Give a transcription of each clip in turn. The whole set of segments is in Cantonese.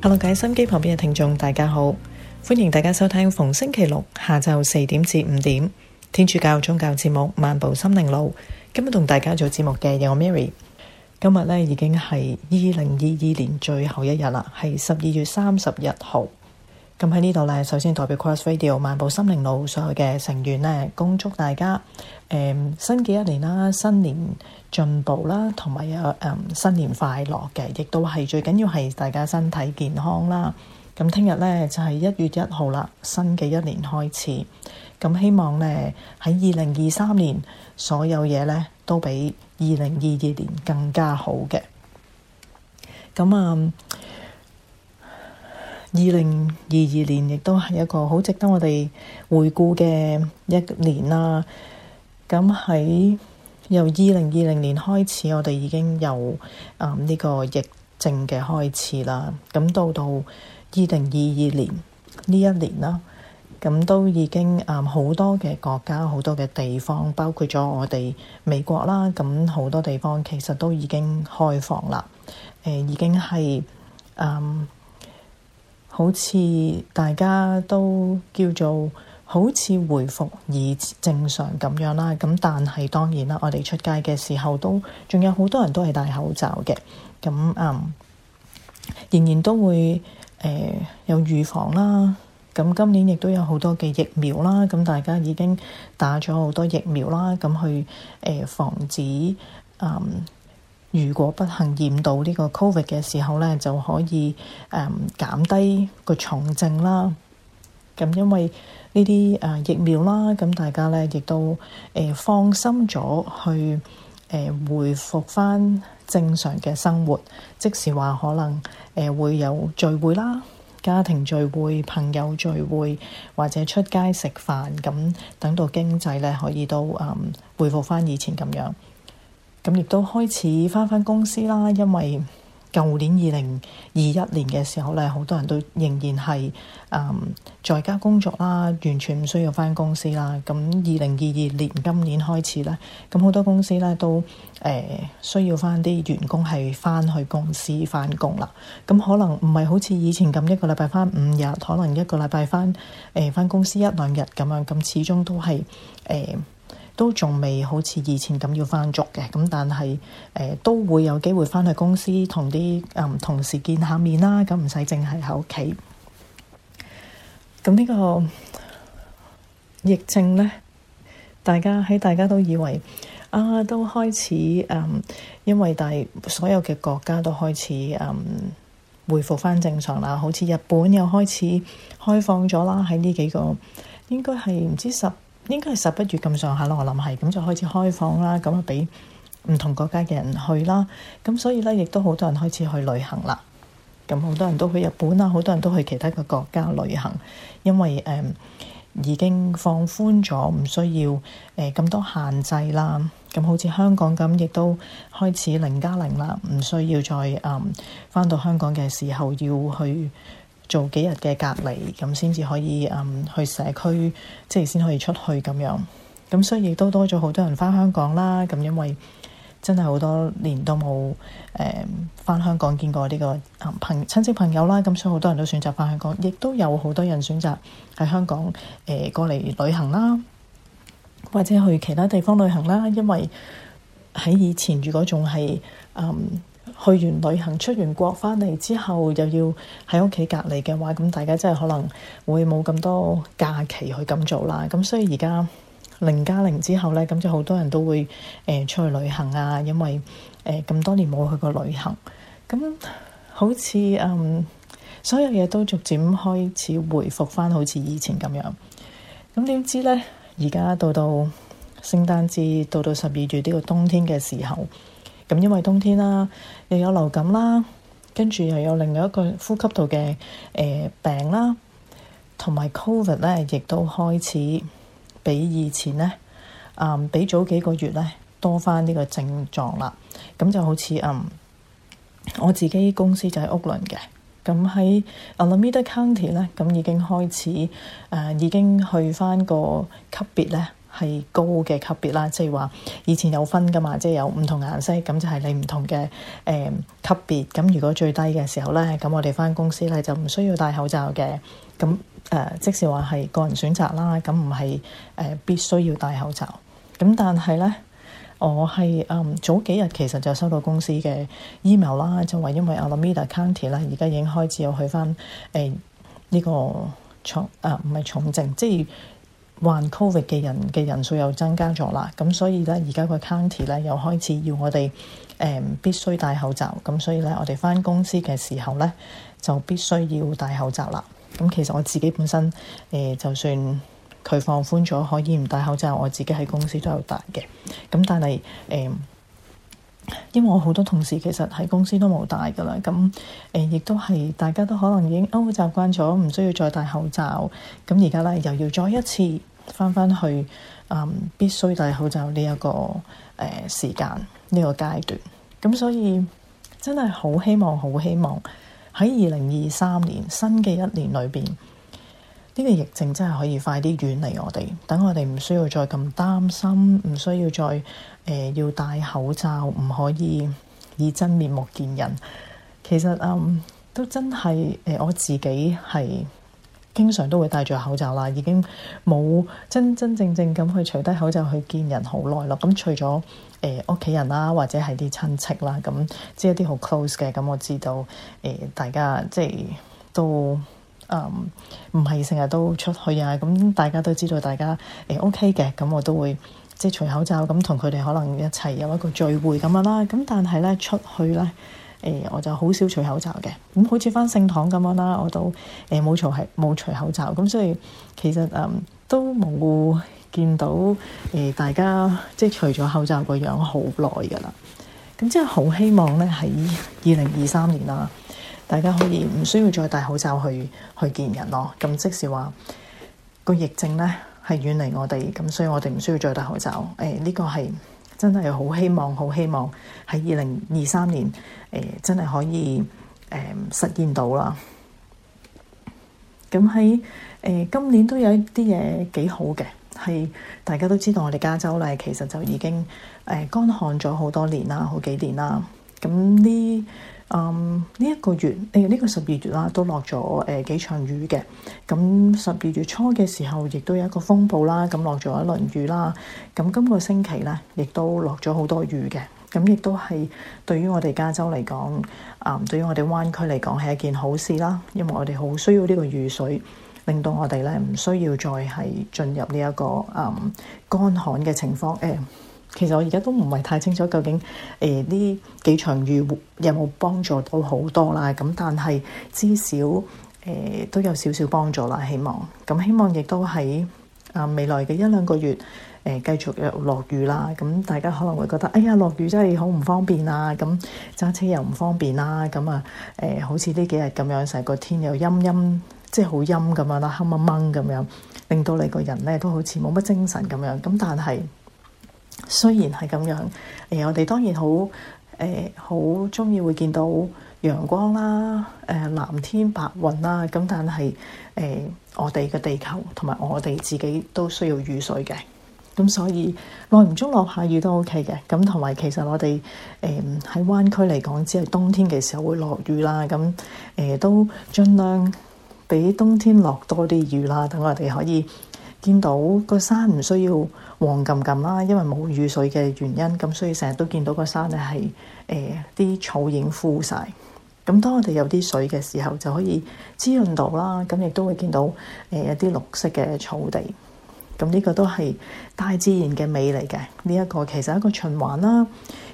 哈囉，解心機旁邊嘅聽眾，大家好，歡迎大家收聽逢星期六下晝四點至五點天主教宗教節目《漫步心靈路》。今日同大家做節目嘅有我 Mary。今日咧已經係二零二二年最後一日啦，係十二月三十一號。咁喺呢度咧，首先代表 Cross Radio《漫步心靈路》所有嘅成員咧，恭祝大家誒、嗯、新嘅一年啦，新年。進步啦，同埋有誒新年快樂嘅，亦都係最緊要係大家身體健康啦。咁聽日呢就係一月一號啦，新嘅一年開始。咁希望呢喺二零二三年所有嘢呢都比二零二二年更加好嘅。咁啊，二零二二年亦都係一個好值得我哋回顧嘅一年啦。咁喺由二零二零年開始，我哋已經由呢、嗯呢個疫症嘅開始啦。咁到到二零二二年呢一年啦，咁、嗯、都已經啊好、嗯、多嘅國家、好多嘅地方，包括咗我哋美國啦，咁、嗯、好多地方其實都已經開放啦。誒、嗯，已經係啊、嗯，好似大家都叫做，好似回復以正常咁樣啦，咁但係當然啦，我哋出街嘅時候都仲有好多人都係戴口罩嘅，咁，嗯，仍然都會誒、呃、有預防啦。咁今年亦都有好多嘅疫苗啦，咁大家已經打咗好多疫苗啦，咁去誒、呃、防止嗯，如果不幸染到呢個 COVID 嘅時候咧，就可以誒減、呃、低個重症啦。咁因為呢啲誒疫苗啦，咁大家咧亦都誒放心咗去誒恢復返正常嘅生活，即使話可能誒會有聚會啦、家庭聚會、朋友聚會或者出街食飯，咁等到經濟咧可以都誒恢復返以前咁樣，咁亦都開始返返公司啦，因為，舊年二零二一年嘅時候咧，好多人都仍然係誒、呃、在家工作啦，完全唔需要返公司啦。咁二零二二年今年開始咧，咁好多公司咧都誒、呃、需要返啲員工係返去公司返工啦。咁可能唔係好似以前咁一,一個禮拜返五日，可能一個禮拜返誒返公司一兩日咁樣。咁始終都係誒。呃都仲未好似以前咁要返足嘅，咁但係誒、呃，都會有機會翻去公司同啲嗯同事見下面啦，咁唔使淨係喺屋企。咁、嗯、呢個疫症咧，大家喺大家都以為啊，都開始誒、嗯，因為大所有嘅國家都開始誒、嗯、回復翻正常啦，好似日本又開始開放咗啦，喺呢幾個應該係唔知十。應該係十一月咁上下咯，我諗係咁就開始開放啦，咁啊俾唔同國家嘅人去啦，咁所以呢，亦都好多人開始去旅行啦，咁好多人都去日本啦，好多人都去其他嘅國家旅行，因為誒、嗯、已經放寬咗，唔需要誒咁、嗯、多限制啦，咁好似香港咁，亦都開始零加零啦，唔需要再誒翻、嗯、到香港嘅時候要去做幾日嘅隔離，咁先至可以、嗯、去社區，即係先可以出去咁樣。咁所以都多咗好多人翻香港啦。咁因為真係好多年都冇誒翻香港見過呢、呢個朋、呃、親戚朋友啦。咁所以好多人都選擇翻香港，亦都有好多人選擇喺香港誒、呃、過嚟旅行啦，或者去其他地方旅行啦。因為喺以前，如果仲係去完旅行出完國翻嚟之後，又要喺屋企隔離嘅話，咁大家真係可能會冇咁多假期去咁做啦。咁所以而家零加零之後呢，咁就好多人都會誒、呃、出去旅行啊，因為誒咁、呃、多年冇去過旅行。咁好似嗯，所有嘢都逐漸開始回復翻，好似以前咁樣。咁點知呢？而家到到聖誕節，到到十二月呢個冬天嘅時候。咁因為冬天啦，又有流感啦，跟住又有另外一個呼吸道嘅誒、呃、病啦，同埋 COVID 咧，亦都開始比以前咧，啊、嗯、比早幾個月咧多翻呢個症狀啦。咁、嗯、就好似嗯，我自己公司就喺屋倫嘅，咁、嗯、喺 Alameda County 咧，咁、嗯、已經開始誒、嗯、已經去翻個級別咧。係高嘅級別啦，即係話以前有分㗎嘛，即係有唔同顏色，咁就係你唔同嘅誒、嗯、級別。咁如果最低嘅時候咧，咁我哋返公司咧就唔需要戴口罩嘅。咁誒、呃，即使話係個人選擇啦，咁唔係誒必須要戴口罩。咁但係咧，我係誒早幾日其實就收到公司嘅 email 啦，就話因為 Alameda County 咧而家已經開始有去返誒呢個啊重啊唔係重症，即係。患 COVID 嘅人嘅人數又增加咗啦，咁所以咧而家個 County 咧又開始要我哋誒、呃、必須戴口罩，咁所以咧我哋返公司嘅時候咧就必須要戴口罩啦。咁其實我自己本身誒、呃、就算佢放寬咗可以唔戴口罩，我自己喺公司都有戴嘅。咁但係誒、呃因為我好多同事其實喺公司都冇戴噶啦，咁誒亦都係大家都可能已經歐習慣咗，唔需要再戴口罩。咁而家咧又要再一次翻翻去，嗯，必須戴口罩呢、這、一個誒、呃、時間呢、呢個階段。咁所以真係好希望，好希望喺二零二三年新嘅一年裏邊，呢、呢個疫症真係可以快啲遠離我哋，等我哋唔需要再咁擔心，唔需要再。誒要戴口罩，唔可以以真面目見人。其實嗯，都真係誒、呃、我自己係經常都會戴住口罩啦，已經冇真真正正咁去除低口罩去見人好耐咯。咁、嗯、除咗誒屋企人啦，或者係啲親戚啦，咁即係一啲好 close 嘅。咁、嗯、我知道誒、呃、大家即係都嗯唔係成日都出去啊。咁、嗯、大家都知道，大家誒、呃、OK 嘅。咁、嗯、我都會。即係除口罩咁，同佢哋可能一齊有一個聚會咁樣啦，咁但係咧出去咧，誒我就好少除口罩嘅。咁好似返聖堂咁樣啦，我都誒冇除係冇除口罩，咁所以其實誒、嗯、都冇見到誒大家即係除咗口罩個樣好耐噶啦，咁真係好希望咧喺二零二三年啦，大家可以唔需要再戴口罩去去見人咯，咁即係話個疫症咧，係遠離我哋，咁所以我哋唔需要再戴口罩。誒、欸，呢、這個係真係好希望，好希望喺二零二三年，誒、欸、真係可以誒、欸、實現到啦。咁喺誒今年都有一啲嘢幾好嘅，係大家都知道我哋加州啦，其實就已經誒、欸、乾旱咗好多年啦，好幾年啦。咁呢？嗯，呢一、um, 個月誒，哎這個、月呢個十二月啦，都落咗誒幾場雨嘅。咁十二月初嘅時候，亦都有一個風暴啦，咁落咗一輪雨啦。咁今個星期咧，亦都落咗好多雨嘅。咁亦都係對於我哋加州嚟講，啊、呃，對於我哋灣區嚟講係一件好事啦。因為我哋好需要呢個雨水，令到我哋咧唔需要再係進入呢、這、一個嗯乾、呃、旱嘅情況誒。呃其實我而家都唔係太清楚究竟誒呢、呃、幾場雨有冇幫助到好多啦？咁但係至少誒、呃、都有少少幫助啦。希望咁、嗯、希望亦都喺啊未來嘅一兩個月誒繼、呃、續有落雨啦。咁大家可能會覺得哎呀落雨真係好唔方便啊！咁、嗯、揸車又唔方便啦。咁啊誒好似呢幾日咁樣，成個天又陰陰，即係好陰咁樣啦，黑掹掹咁樣，令到你個人咧都好似冇乜精神咁樣。咁但係雖然係咁樣，然、呃、我哋當然好誒，好鍾意會見到陽光啦、誒、呃、藍天白雲啦，咁但係誒、呃、我哋嘅地球同埋我哋自己都需要雨水嘅，咁所以耐唔中落下，下雨都 OK 嘅。咁同埋其實我哋誒喺灣區嚟講，呃、只係冬天嘅時候會落雨啦，咁誒、呃、都盡量俾冬天落多啲雨啦，等我哋可以。見到個山唔需要黃冚冚啦，因為冇雨水嘅原因，咁所以成日都見到個山咧係誒啲草影枯晒。咁當我哋有啲水嘅時候，就可以滋潤到啦。咁亦都會見到誒一啲綠色嘅草地。咁呢個都係大自然嘅美嚟嘅。呢、這、一個其實係一個循環啦。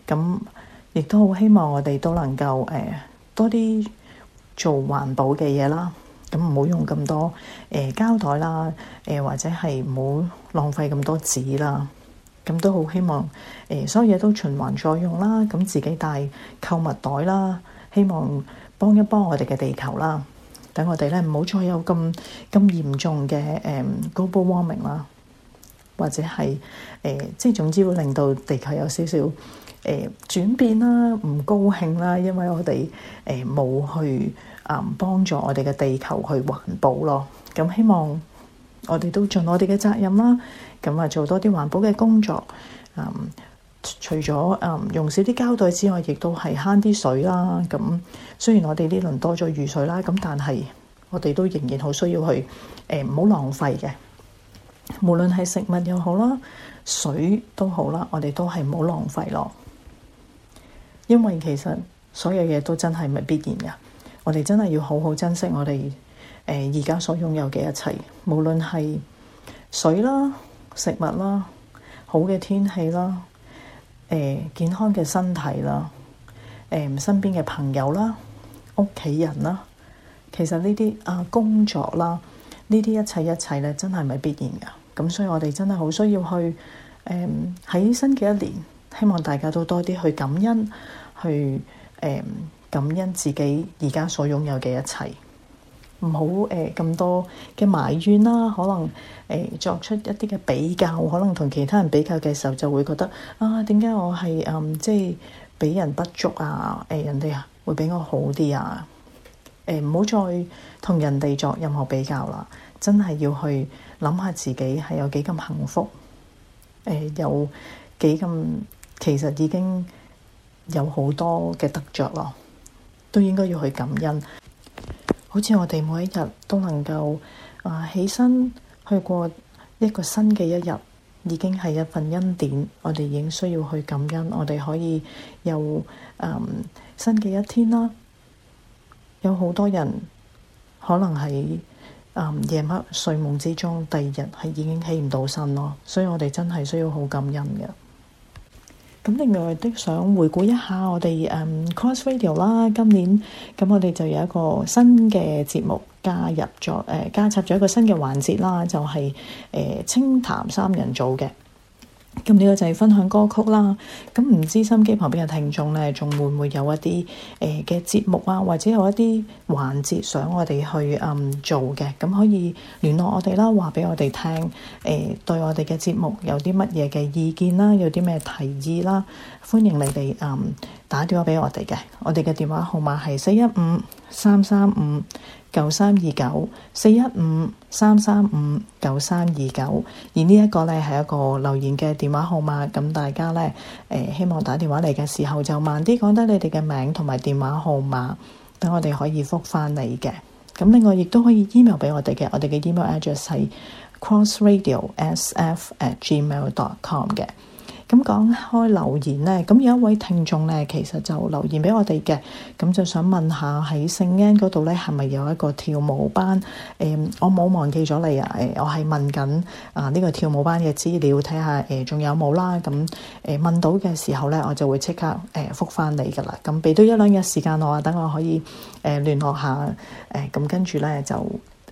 咁亦都好希望我哋都能夠誒、呃、多啲做環保嘅嘢啦。咁唔好用咁多誒膠袋啦，誒或者係唔好浪費咁多紙啦。咁都好希望誒所有嘢都循環再用啦。咁自己帶購物袋啦，希望幫一幫我哋嘅地球啦。等我哋咧唔好再有咁咁嚴重嘅誒 global warming 啦，或者係誒即係總之會令到地球有少少誒轉變啦，唔高興啦，因為我哋誒冇去。啊，幫助我哋嘅地球去環保咯。咁希望我哋都盡我哋嘅責任啦。咁啊，做多啲環保嘅工作。嗯、除咗、嗯、用少啲膠袋之外，亦都係慳啲水啦。咁雖然我哋呢輪多咗雨水啦，咁但係我哋都仍然好需要去誒唔好浪費嘅。無論係食物又好啦，水都好啦，我哋都係唔好浪費咯。因為其實所有嘢都真係唔係必然嘅。我哋真係要好好珍惜我哋而家所擁有嘅一切，無論係水啦、食物啦、好嘅天氣啦、誒、呃、健康嘅身體啦、誒、呃、身邊嘅朋友啦、屋企人啦，其實呢啲啊工作啦，呢啲一切一切咧，真係咪必然㗎？咁所以我哋真係好需要去誒喺、呃、新嘅一年，希望大家都多啲去感恩，去誒。呃感恩自己而家所擁有嘅一切，唔好誒咁多嘅埋怨啦。可能誒、呃、作出一啲嘅比較，可能同其他人比較嘅時候，就會覺得啊，點解我係誒、嗯、即係俾人不足啊？誒、呃，人哋啊會比我好啲啊？誒、呃，唔好再同人哋作任何比較啦。真係要去諗下自己係有幾咁幸福，誒、呃，有幾咁其實已經有好多嘅得着咯。都應該要去感恩，好似我哋每一日都能夠啊、呃、起身去過一個新嘅一日，已經係一份恩典，我哋已經需要去感恩。我哋可以有嗯、呃、新嘅一天啦。有好多人可能喺嗯、呃、夜晚睡夢之中，第二日係已經起唔到身咯，所以我哋真係需要好感恩嘅。咁另外都想回顧一下我哋誒 Cross Radio 啦，今年咁我哋就有一個新嘅節目加入咗，誒加插咗一個新嘅環節啦，就係、是、誒、呃、清談三人組嘅。咁呢個就係分享歌曲啦。咁唔知心機旁邊嘅聽眾呢，仲會唔會有一啲誒嘅節目啊，或者有一啲環節想我哋去嗯做嘅？咁、嗯、可以聯絡我哋啦，話俾我哋聽誒、呃，對我哋嘅節目有啲乜嘢嘅意見啦，有啲咩提議啦，歡迎你哋嗯打電話俾我哋嘅。我哋嘅電話號碼係四一五三三五。九三二九四一五三三五九三二九，9 9, 29，而呢一個咧係一個留言嘅電話號碼，咁大家咧誒，希望打電話嚟嘅時候就慢啲講得你哋嘅名同埋電話號碼，等我哋可以覆翻你嘅。咁另外亦都可以 email 俾我哋嘅，我哋嘅 email address 係 crossradiosf@gmail.com dot 嘅。咁講開留言呢，咁有一位聽眾呢，其實就留言俾我哋嘅，咁就想問下喺聖恩嗰度呢，係咪有一個跳舞班？誒、呃，我冇忘記咗你啊！誒、呃，我係問緊啊呢、呃這個跳舞班嘅資料，睇下誒仲有冇啦。咁、呃、誒問到嘅時候呢，我就會即刻誒覆返你㗎喇。咁俾多一兩日時間我啊，等我可以誒、呃、聯絡下誒。咁、呃、跟住呢，就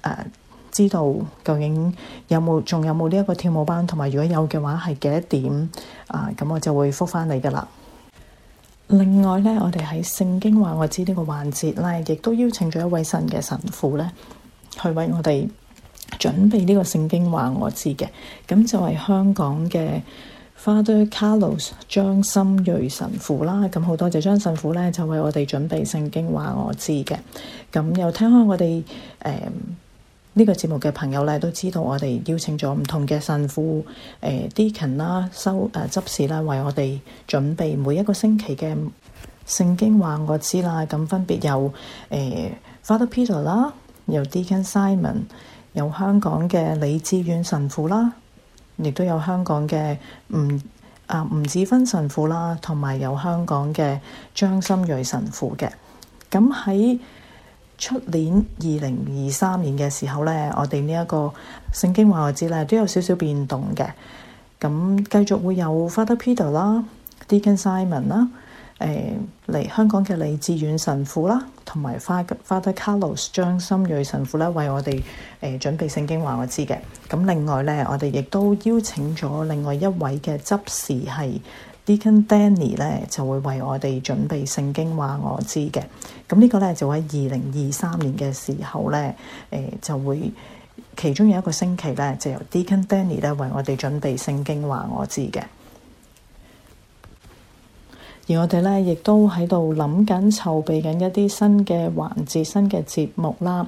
啊。呃知道究竟有冇仲有冇呢一個跳舞班，同埋如果有嘅話係幾多點啊？咁我就會覆返你㗎喇。另外呢，我哋喺聖經話我知呢、這個環節呢，亦都邀請咗一位神嘅神父呢，去為我哋準備呢、這個聖經話我知嘅。咁就係香港嘅 Father Carlos 張心銳神父啦。咁好多謝張神父呢，就為我哋準備聖經話我知嘅。咁又聽下我哋誒。嗯呢個節目嘅朋友咧都知道，我哋邀請咗唔同嘅神父，誒、呃、Deacon 啦、修誒執事啦，為我哋準備每一個星期嘅聖經話我知啦，咁分別有誒、呃、Father Peter 啦，有 Deacon Simon，有香港嘅李志遠神父啦，亦都有香港嘅吳啊吳子芬神父啦，同埋有，有香港嘅張心睿神父嘅。咁喺出年二零二三年嘅時候呢，我哋呢一個聖經話我知呢都有少少變動嘅，咁繼續會有 Father Peter 啦，Deacon Simon 啦，誒、呃、嚟香港嘅李志遠神父啦，同埋 Father Carlos 張心銳神父呢，為我哋誒、呃、準備聖經話我知嘅，咁另外呢，我哋亦都邀請咗另外一位嘅執事係。Deacon Danny 咧就會為我哋準備聖經話我知嘅，咁呢個咧就喺二零二三年嘅時候咧，誒、呃、就會其中有一個星期咧就由 Deacon Danny 咧為我哋準備聖經話我知嘅。而我哋咧，亦都喺度諗緊、籌備緊一啲新嘅環節、新嘅節目啦。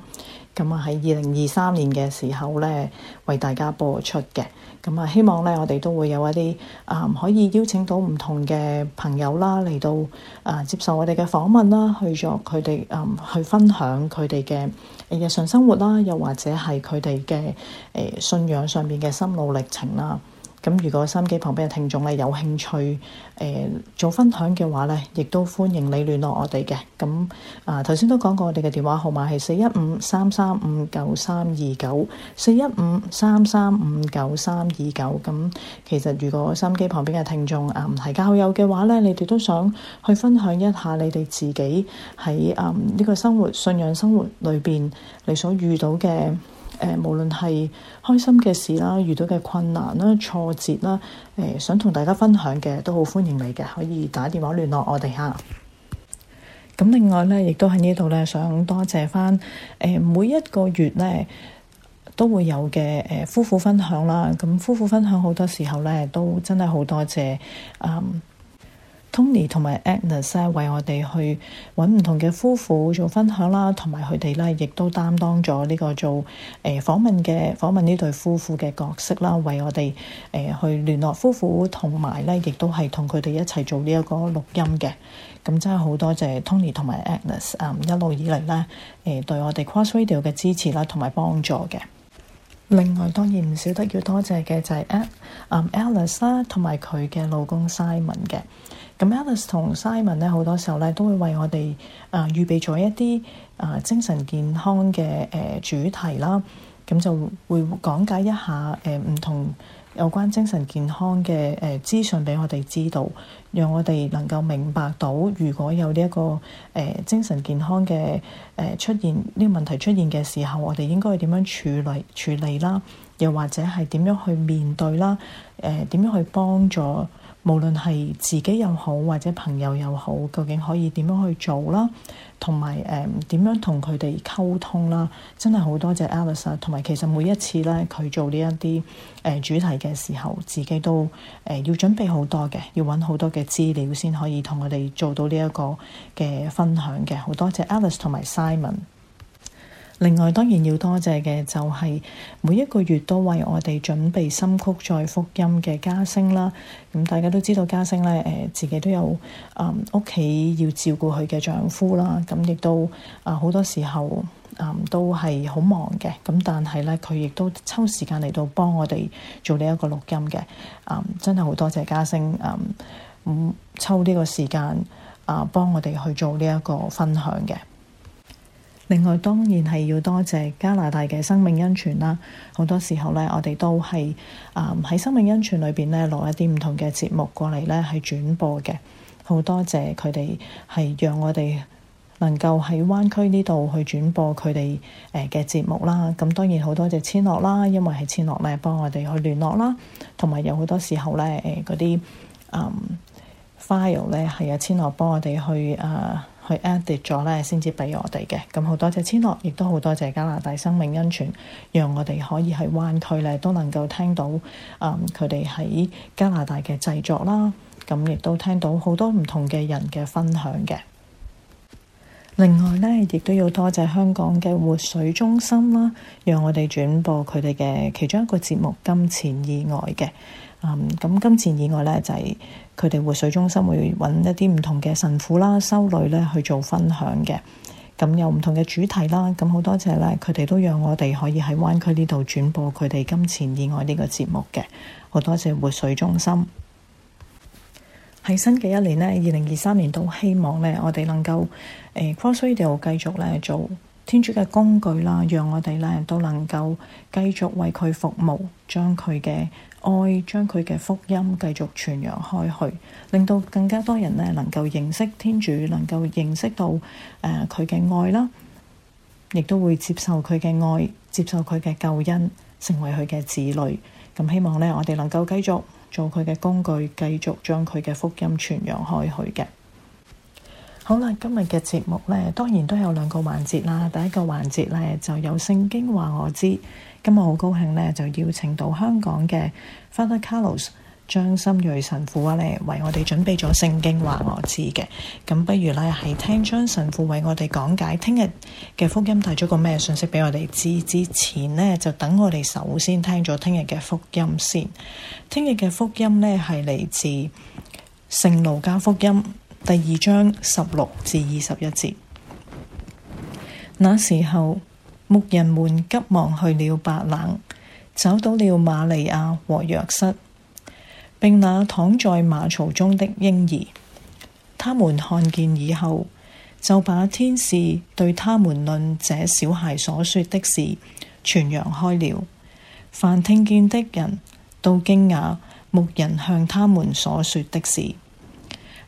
咁啊，喺二零二三年嘅時候咧，為大家播出嘅。咁啊，希望咧，我哋都會有一啲啊、呃，可以邀請到唔同嘅朋友啦，嚟到啊、呃，接受我哋嘅訪問啦，去作佢哋啊，去分享佢哋嘅日常生活啦，又或者係佢哋嘅誒信仰上面嘅心路歷程啦。咁如果收音機旁邊嘅聽眾咧，有興趣誒做分享嘅話咧，亦都歡迎你聯絡我哋嘅。咁啊，頭先都講過，我哋嘅電話號碼係四一五三三五九三二九四一五三三五九三二九。咁其實如果收音機旁邊嘅聽眾啊係教友嘅話咧，你哋都想去分享一下你哋自己喺啊呢個生活、信仰生活裏邊你所遇到嘅。誒，無論係開心嘅事啦，遇到嘅困難啦、挫折啦，誒、呃，想同大家分享嘅，都好歡迎你嘅，可以打電話聯絡我哋吓。咁另外呢，亦都喺呢度呢，想多謝返，誒、呃，每一個月呢都會有嘅，誒，夫婦分享啦。咁夫婦分享好多時候呢，都真係好多謝，嗯。Tony 同埋 Agnes 咧、啊，為我哋去揾唔同嘅夫婦做分享啦，同埋佢哋咧亦都擔當咗呢個做誒訪、呃、問嘅訪問呢對夫婦嘅角色啦，為我哋誒、呃、去聯絡夫婦，同埋咧亦都係同佢哋一齊做呢一個錄音嘅。咁、嗯、真係好多謝 Tony 同埋 Agnes 嗯一路以嚟咧誒對我哋 Cross Radio 嘅支持啦，同埋幫助嘅。另外當然唔少得要多謝嘅就係 Alice 啊，同埋佢嘅老公 Simon 嘅。咁 Alice 同 Simon 咧好多時候咧都會為我哋啊預備咗一啲啊、呃、精神健康嘅誒、呃、主題啦。咁就會講解一下誒唔、呃、同有關精神健康嘅誒資訊畀我哋知道，讓我哋能夠明白到如果有呢、這、一個誒、呃、精神健康嘅誒、呃、出現呢、這個問題出現嘅時候，我哋應該係點樣處理處理啦，又或者係點樣去面對啦，誒、呃、點樣去幫助。無論係自己又好，或者朋友又好，究竟可以點樣去做啦？同埋誒點樣同佢哋溝通啦？真係好多謝 Alice，啊，同埋其實每一次咧佢做呢一啲誒主題嘅時候，自己都誒、呃、要準備好多嘅，要揾好多嘅資料先可以同佢哋做到呢一個嘅分享嘅。好多謝 Alice 同埋 Simon。另外當然要多謝嘅就係每一個月都為我哋準備新曲再福音嘅嘉星啦。咁、嗯、大家都知道嘉星咧誒、呃，自己都有啊屋企要照顧佢嘅丈夫啦。咁、嗯、亦都啊好多時候啊、嗯、都係好忙嘅。咁但係咧佢亦都抽時間嚟到幫我哋做呢一個錄音嘅。啊、嗯，真係好多謝嘉星啊！嗯，抽呢個時間啊，幫我哋去做呢一個分享嘅。另外當然係要多謝加拿大嘅生命恩泉啦，好多時候咧，我哋都係啊喺生命恩泉裏邊咧，攞一啲唔同嘅節目過嚟咧係轉播嘅。好多謝佢哋係讓我哋能夠喺灣區呢度去轉播佢哋誒嘅節目啦。咁當然好多謝千樂啦，因為係千樂咧幫我哋去聯絡啦，同埋有好多時候咧誒嗰啲啊 file 咧係啊千樂幫我哋去啊。呃去 edit 咗咧，先至俾我哋嘅。咁好多謝千樂，亦都好多謝加拿大生命恩泉，讓我哋可以喺灣區咧都能夠聽到，誒、嗯，佢哋喺加拿大嘅製作啦。咁亦都聽到好多唔同嘅人嘅分享嘅。另外呢，亦都要多謝香港嘅活水中心啦，讓我哋轉播佢哋嘅其中一個節目《金錢以外》嘅。嗯，咁《金錢以外》呢，就係、是。佢哋活水中心會揾一啲唔同嘅神父啦、修女咧去做分享嘅，咁有唔同嘅主題啦，咁好多謝咧，佢哋都讓我哋可以喺灣區呢度轉播佢哋金錢意外呢個節目嘅，好多謝活水中心。喺 新嘅一年呢，二零二三年都希望咧，我哋能夠誒，Cross Radio 繼續咧做天主嘅工具啦，讓我哋咧都能夠繼續為佢服務，將佢嘅。愛，將佢嘅福音繼續傳揚開去，令到更加多人呢能夠認識天主，能夠認識到誒佢嘅愛啦，亦都會接受佢嘅愛，接受佢嘅救恩，成為佢嘅子女。咁希望呢，我哋能夠繼續做佢嘅工具，繼續將佢嘅福音傳揚開去嘅。好啦，今日嘅節目呢，當然都有兩個環節啦。第一個環節呢，就有聖經話我知。今日好高興呢就邀請到香港嘅 Father Carlos 張心睿神父啊，嚟為我哋準備咗聖經話我知嘅。咁不如呢，係聽張神父為我哋講解聽日嘅福音帶咗個咩信息畀我哋知之前呢，就等我哋首先聽咗聽日嘅福音先。聽日嘅福音呢，係嚟自聖路加福音第二章十六至二十一節。那時候。牧人們急忙去了白冷，找到了瑪利亞和若瑟，並那躺在馬槽中的嬰兒。他們看見以後，就把天使對他們論這小孩所說的事傳揚開了。凡聽見的人都驚訝牧人向他們所說的事。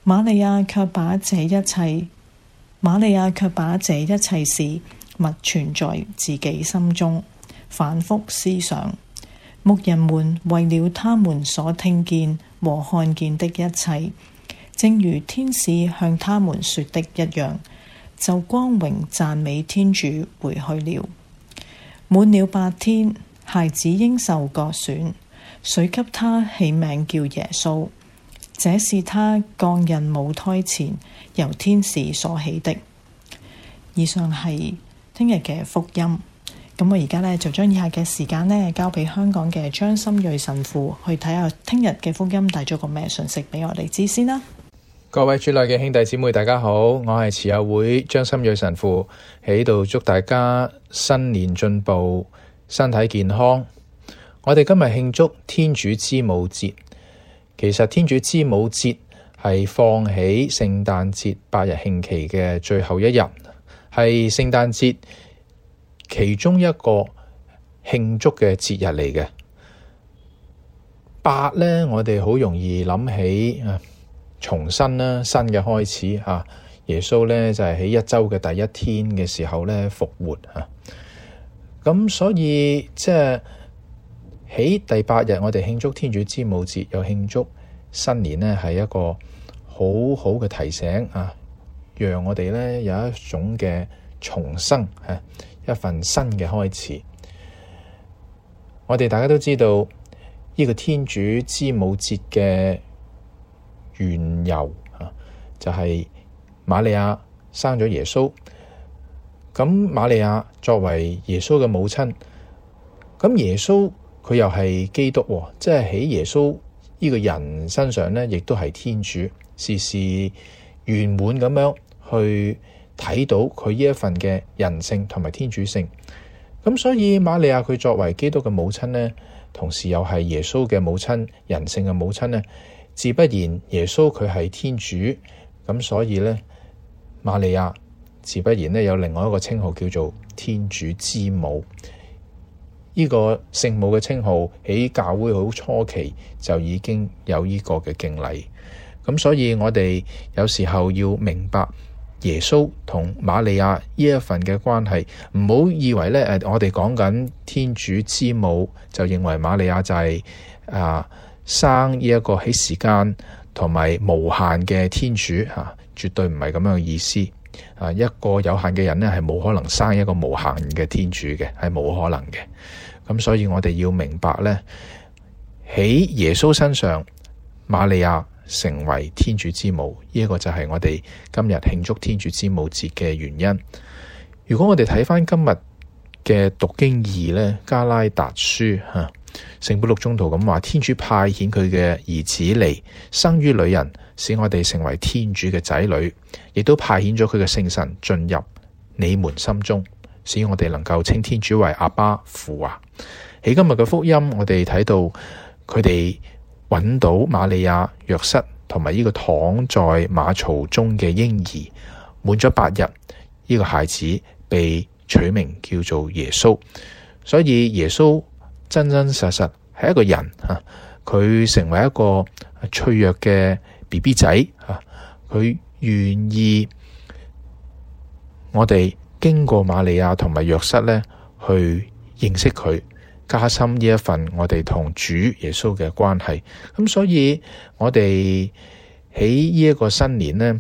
瑪利亞却把這一切，瑪利亞却把這一切事。物存在自己心中，反覆思想。牧人們為了他們所聽見和看見的一切，正如天使向他們說的一樣，就光榮讚美天主回去了。滿了八天，孩子應受割損，誰給他起名叫耶穌？這是他降孕母胎前由天使所起的。以上係。聽日嘅福音，咁我而家咧就將以下嘅時間咧交俾香港嘅張心睿神父去睇下聽日嘅福音帶咗個咩訊息俾我哋知先啦。各位主內嘅兄弟姊妹，大家好，我係慈幼會張心睿神父喺度，祝大家新年進步，身體健康。我哋今日慶祝天主之母節，其實天主之母節係放喺聖誕節八日慶期嘅最後一日。係聖誕節其中一個慶祝嘅節日嚟嘅，八咧我哋好容易諗起啊，重新啦，新嘅開始吓，耶穌咧就係、是、喺一周嘅第一天嘅時候咧復活吓，咁所以即係喺第八日我哋慶祝天主之母節，又慶祝新年咧，係一個好好嘅提醒啊！讓我哋咧有一種嘅重生吓，一份新嘅開始。我哋大家都知道呢、這個天主之母節嘅緣由吓，就係、是、瑪利亞生咗耶穌。咁瑪利亞作為耶穌嘅母親，咁耶穌佢又係基督、哦，即係喺耶穌呢個人身上咧，亦都係天主，事事圓滿咁樣。去睇到佢呢一份嘅人性同埋天主性，咁所以瑪利亞佢作為基督嘅母親咧，同時又係耶穌嘅母親，人性嘅母親咧，自不然耶穌佢係天主，咁所以咧瑪利亞自不然咧有另外一個稱號叫做天主之母。呢個聖母嘅稱號喺教會好初期就已經有呢個嘅敬禮，咁所以我哋有時候要明白。耶穌同瑪利亞呢一份嘅關係，唔好以為咧誒，我哋講緊天主之母就認為瑪利亞就係、是、啊生呢一個喺時間同埋無限嘅天主吓、啊，絕對唔係咁樣嘅意思。啊，一個有限嘅人咧係冇可能生一個無限嘅天主嘅，係冇可能嘅。咁所以我哋要明白咧喺耶穌身上，瑪利亞。成為天主之母，呢一個就係我哋今日慶祝天主之母節嘅原因。如果我哋睇返今日嘅讀經二呢，《加拉達書》吓，聖保祿宗徒咁話，天主派遣佢嘅兒子嚟，生於女人，使我哋成為天主嘅仔女，亦都派遣咗佢嘅聖神進入你們心中，使我哋能夠稱天主為阿爸父啊。喺今日嘅福音，我哋睇到佢哋。揾到瑪利亞、約瑟同埋呢個躺在馬槽中嘅嬰兒，滿咗八日，呢、這個孩子被取名叫做耶穌。所以耶穌真真實實係一個人嚇，佢、啊、成為一個脆弱嘅 B B 仔嚇，佢、啊、願意我哋經過瑪利亞同埋約瑟咧去認識佢，加深呢一份我哋同主耶穌嘅關係，咁所以我哋喺呢一個新年咧，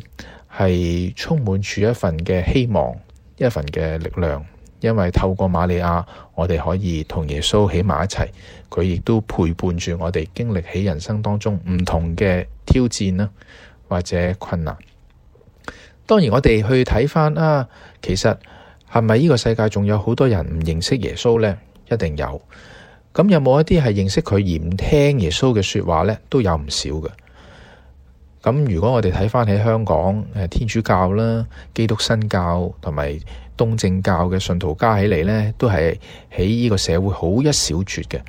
係充滿住一份嘅希望，一份嘅力量，因為透過瑪利亞，我哋可以同耶穌喺埋一齊。佢亦都陪伴住我哋經歷喺人生當中唔同嘅挑戰啦，或者困難。當然，我哋去睇翻啊，其實係咪呢個世界仲有好多人唔認識耶穌咧？一定有。咁有冇一啲係認識佢，而唔聽耶穌嘅説話呢？都有唔少嘅。咁如果我哋睇翻起香港天主教啦、基督新教同埋東正教嘅信徒加起嚟呢，都係喺呢個社會好一小撮嘅。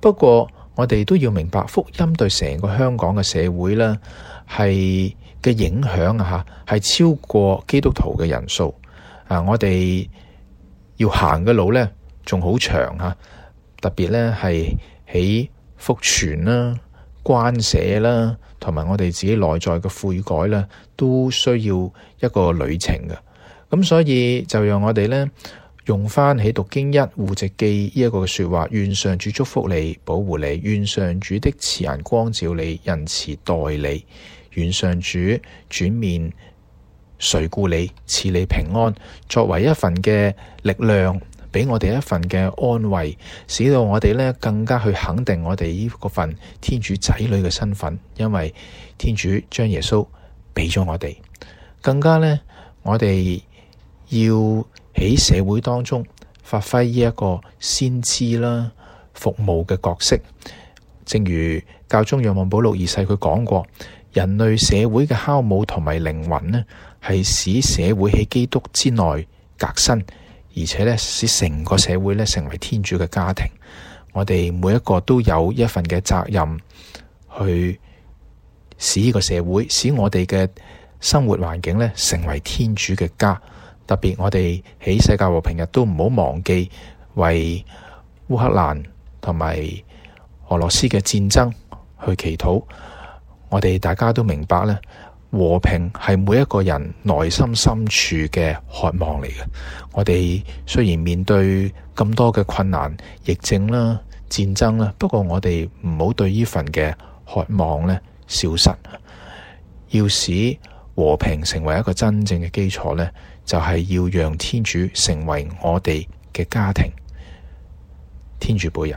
不過我哋都要明白福音對成個香港嘅社會啦係嘅影響啊，吓係超過基督徒嘅人數啊。我哋要行嘅路呢。仲好長嚇，特別咧係喺福傳啦、關社啦，同埋我哋自己內在嘅悔改啦，都需要一個旅程嘅。咁所以就讓我哋咧用翻喺讀經一戶籍紀呢一個説話，願上主祝福你，保護你；願上主的慈顏光照你，仁慈待你；願上主轉面垂顧你，賜你平安，作為一份嘅力量。俾我哋一份嘅安慰，使到我哋咧更加去肯定我哋呢份天主仔女嘅身份，因為天主將耶穌俾咗我哋，更加呢，我哋要喺社會當中發揮呢一個先知啦、服務嘅角色。正如教宗若望保祿二世佢講過，人類社會嘅酵母同埋靈魂呢，係使社會喺基督之內革新。而且咧，使成個社會咧成為天主嘅家庭，我哋每一個都有一份嘅責任，去使呢個社會，使我哋嘅生活環境咧成為天主嘅家。特別我哋喺世界和平日都唔好忘記為烏克蘭同埋俄羅斯嘅戰爭去祈禱。我哋大家都明白咧。和平係每一個人內心深處嘅渴望嚟嘅。我哋雖然面對咁多嘅困難，疫症啦、戰爭啦，不過我哋唔好對呢份嘅渴望呢消失。要使和平成為一個真正嘅基礎呢，就係要讓天主成為我哋嘅家庭。天主保佑。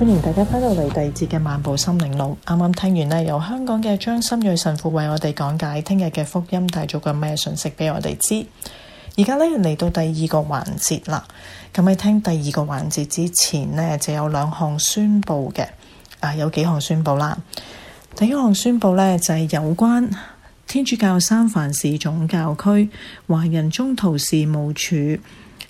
歡迎大家翻到嚟，第二節嘅漫步心靈路。啱啱聽完呢，由香港嘅張心睿神父為我哋講解聽日嘅福音帶，帶咗個咩訊息俾我哋知。而家呢，嚟到第二個環節啦。咁喺聽第二個環節之前呢，就有兩項宣布嘅啊，有幾項宣布啦。第一項宣布呢，就係、是、有關天主教三藩市總教區華人中途事務處、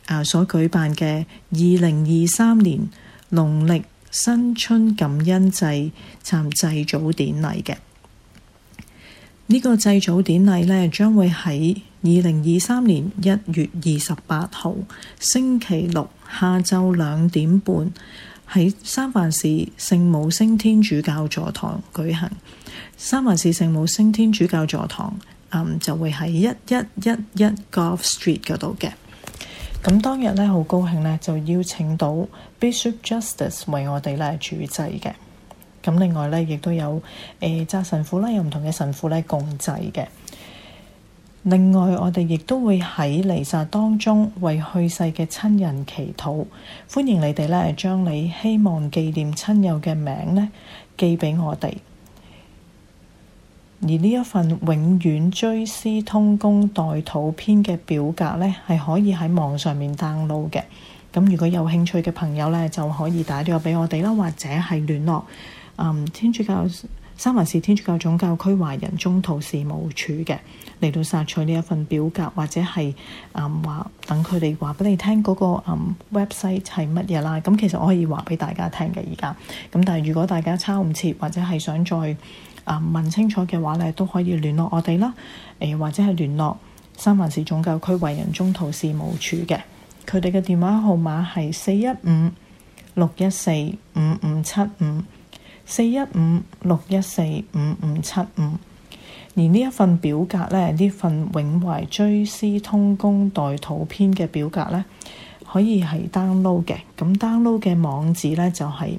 啊、所舉辦嘅二零二三年農曆。新春感恩祭及祭祖典禮嘅呢個祭祖典禮呢，將會喺二零二三年一月二十八號星期六下晝兩點半喺三藩市聖母升天主教座堂舉行。三藩市聖母升天主教座堂，嗯，就會喺一一一一 Gough Street 嗰度嘅。咁當日咧好高興咧，就邀請到 Bishop Justice 為我哋咧主祭嘅。咁另外咧，亦都有誒，揸、呃、神父啦，有唔同嘅神父咧共祭嘅。另外，我哋亦都會喺彌撒當中為去世嘅親人祈禱。歡迎你哋咧，將你希望紀念親友嘅名咧寄畀我哋。而呢一份《永遠追思通功代土篇》嘅表格呢，係可以喺網上面 download 嘅。咁如果有興趣嘅朋友呢，就可以打電話俾我哋啦，或者係聯絡、嗯、天主教三藩市天主教總教區華人宗徒事務處嘅嚟到索取呢一份表格，或者係啊、嗯、等佢哋話俾你聽嗰、嗰個 website 係乜嘢啦。咁其實我可以話俾大家聽嘅，而家咁，但係如果大家抄唔切，或者係想再啊！問清楚嘅話咧，都可以聯絡我哋啦。誒，或者係聯絡三藩市總教區為人中途事務處嘅，佢哋嘅電話號碼係四一五六一四五五七五四一五六一四五五七五。而呢一份表格咧，呢份永懷追思通功代禱篇嘅表格咧，可以係 download 嘅。咁 download 嘅網址咧就係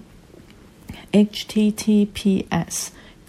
https。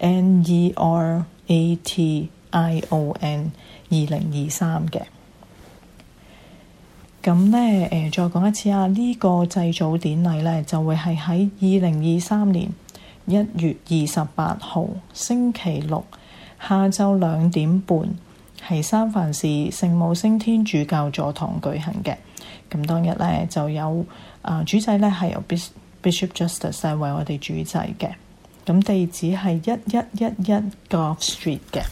N.E.R.A.T.I.O.N. 二零二三嘅，咁、e、呢，誒、呃，再講一次啊！呢、這個祭祖典禮呢，就會係喺二零二三年一月二十八號星期六下晝兩點半，喺三藩市聖母升天主教座堂舉行嘅。咁當日呢，就有啊、呃、主祭呢，係由 Bishop Justice 會為我哋主祭嘅。咁地址係一一一一個 Street 嘅，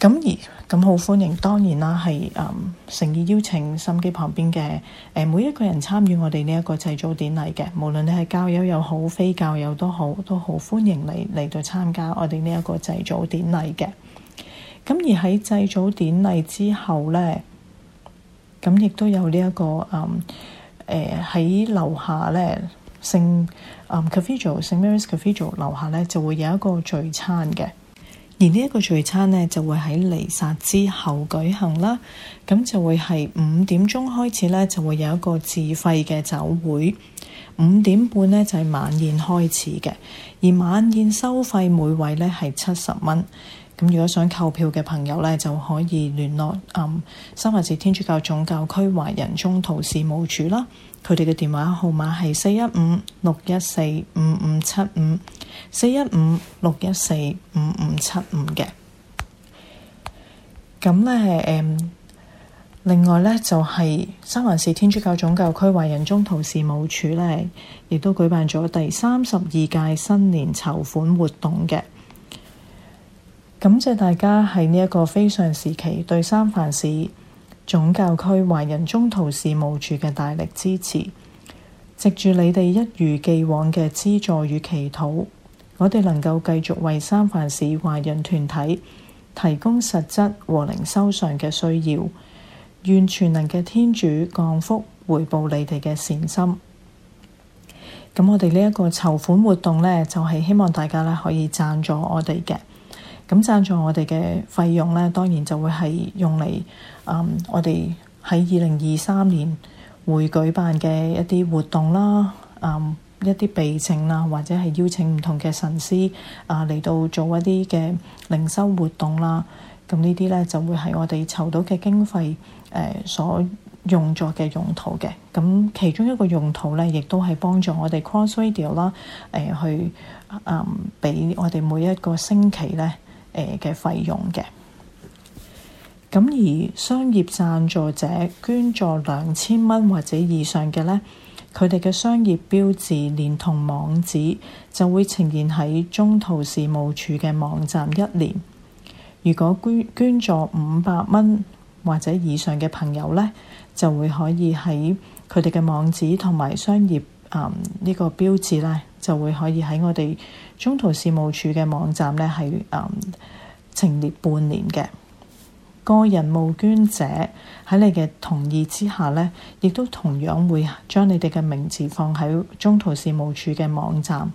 咁而咁好歡迎，當然啦係嗯，誠意邀請心機旁邊嘅誒、呃，每一個人參與我哋呢一個祭祖典禮嘅，無論你係教友又好，非教友都好，都好歡迎你嚟到參加我哋呢一個祭祖典禮嘅。咁而喺祭祖典禮之後呢，咁亦都有呢、這、一個誒喺、嗯呃、樓下呢。聖。嗯，St. Mary's Cathedral 樓下咧就會有一個聚餐嘅，而呢一個聚餐咧就會喺彌撒之後舉行啦，咁就會係五點鐘開始咧就會有一個自費嘅酒會，五點半咧就係、是、晚宴開始嘅，而晚宴收費每位咧係七十蚊。咁如果想購票嘅朋友呢，就可以聯絡、嗯、三藩市天主教總教區華人中圖事務處啦，佢哋嘅電話號碼係四一五六一四五五七五四一五六一四五五七五嘅。咁呢、嗯，另外呢，就係、是、三藩市天主教總教區華人中圖事務處呢，亦都舉辦咗第三十二屆新年籌款活動嘅。感謝大家喺呢一個非常時期對三藩市總教區華人中途事務處嘅大力支持，藉住你哋一如既往嘅資助與祈禱，我哋能夠繼續為三藩市華人團體提供實質和靈修上嘅需要。願全能嘅天主降福，回報你哋嘅善心。咁，我哋呢一個籌款活動呢，就係希望大家咧可以贊助我哋嘅。咁贊助我哋嘅費用咧，當然就會係用嚟，嗯，我哋喺二零二三年會舉辦嘅一啲活動啦，嗯，一啲備證啦，或者係邀請唔同嘅神師啊嚟到做一啲嘅靈修活動啦。咁、啊、呢啲咧就會係我哋籌到嘅經費，誒、呃、所用作嘅用途嘅。咁、啊、其中一個用途咧，亦都係幫助我哋 cross radio 啦、呃，誒去，嗯，俾我哋每一個星期咧。誒嘅費用嘅。咁，而商業贊助者捐助兩千蚊或者以上嘅呢，佢哋嘅商業標誌連同網址就會呈現喺中途事務處嘅網站一年。如果捐捐助五百蚊或者以上嘅朋友呢，就會可以喺佢哋嘅網址同埋商業。呢個標誌呢，就會可以喺我哋中途事務處嘅網站呢，係嗯、呃、呈列半年嘅。個人募捐者喺你嘅同意之下呢，亦都同樣會將你哋嘅名字放喺中途事務處嘅網站，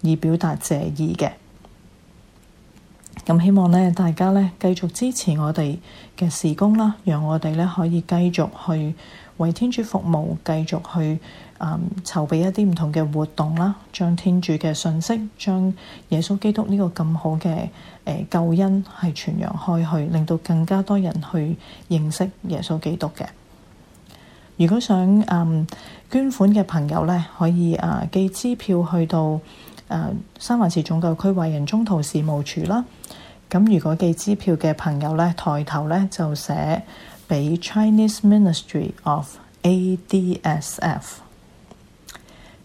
以表達謝意嘅。咁希望呢，大家呢，繼續支持我哋嘅時工啦，讓我哋呢，可以繼續去為天主服務，繼續去。嗯，籌備一啲唔同嘅活動啦，將天主嘅信息，將耶穌基督呢個咁好嘅誒、呃、救恩係傳揚開去，令到更加多人去認識耶穌基督嘅。如果想、嗯、捐款嘅朋友呢，可以啊寄支票去到、啊、三藩市總教區華人中途事務處啦。咁如果寄支票嘅朋友呢，抬頭呢就寫俾 Chinese Ministry of ADSF。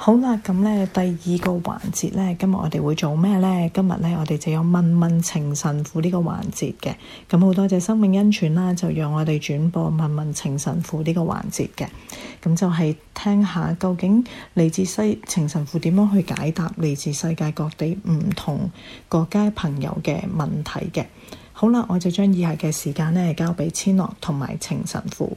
好啦，咁咧第二個環節咧，今日我哋會做咩呢？今日咧我哋就要問問情神父呢個環節嘅，咁好多謝生命恩泉啦，就讓我哋轉播問問情神父呢個環節嘅，咁就係聽下究竟嚟自西情神父點樣去解答嚟自世界各地唔同國家朋友嘅問題嘅。好啦，我就將以下嘅時間咧交俾千樂同埋情神父。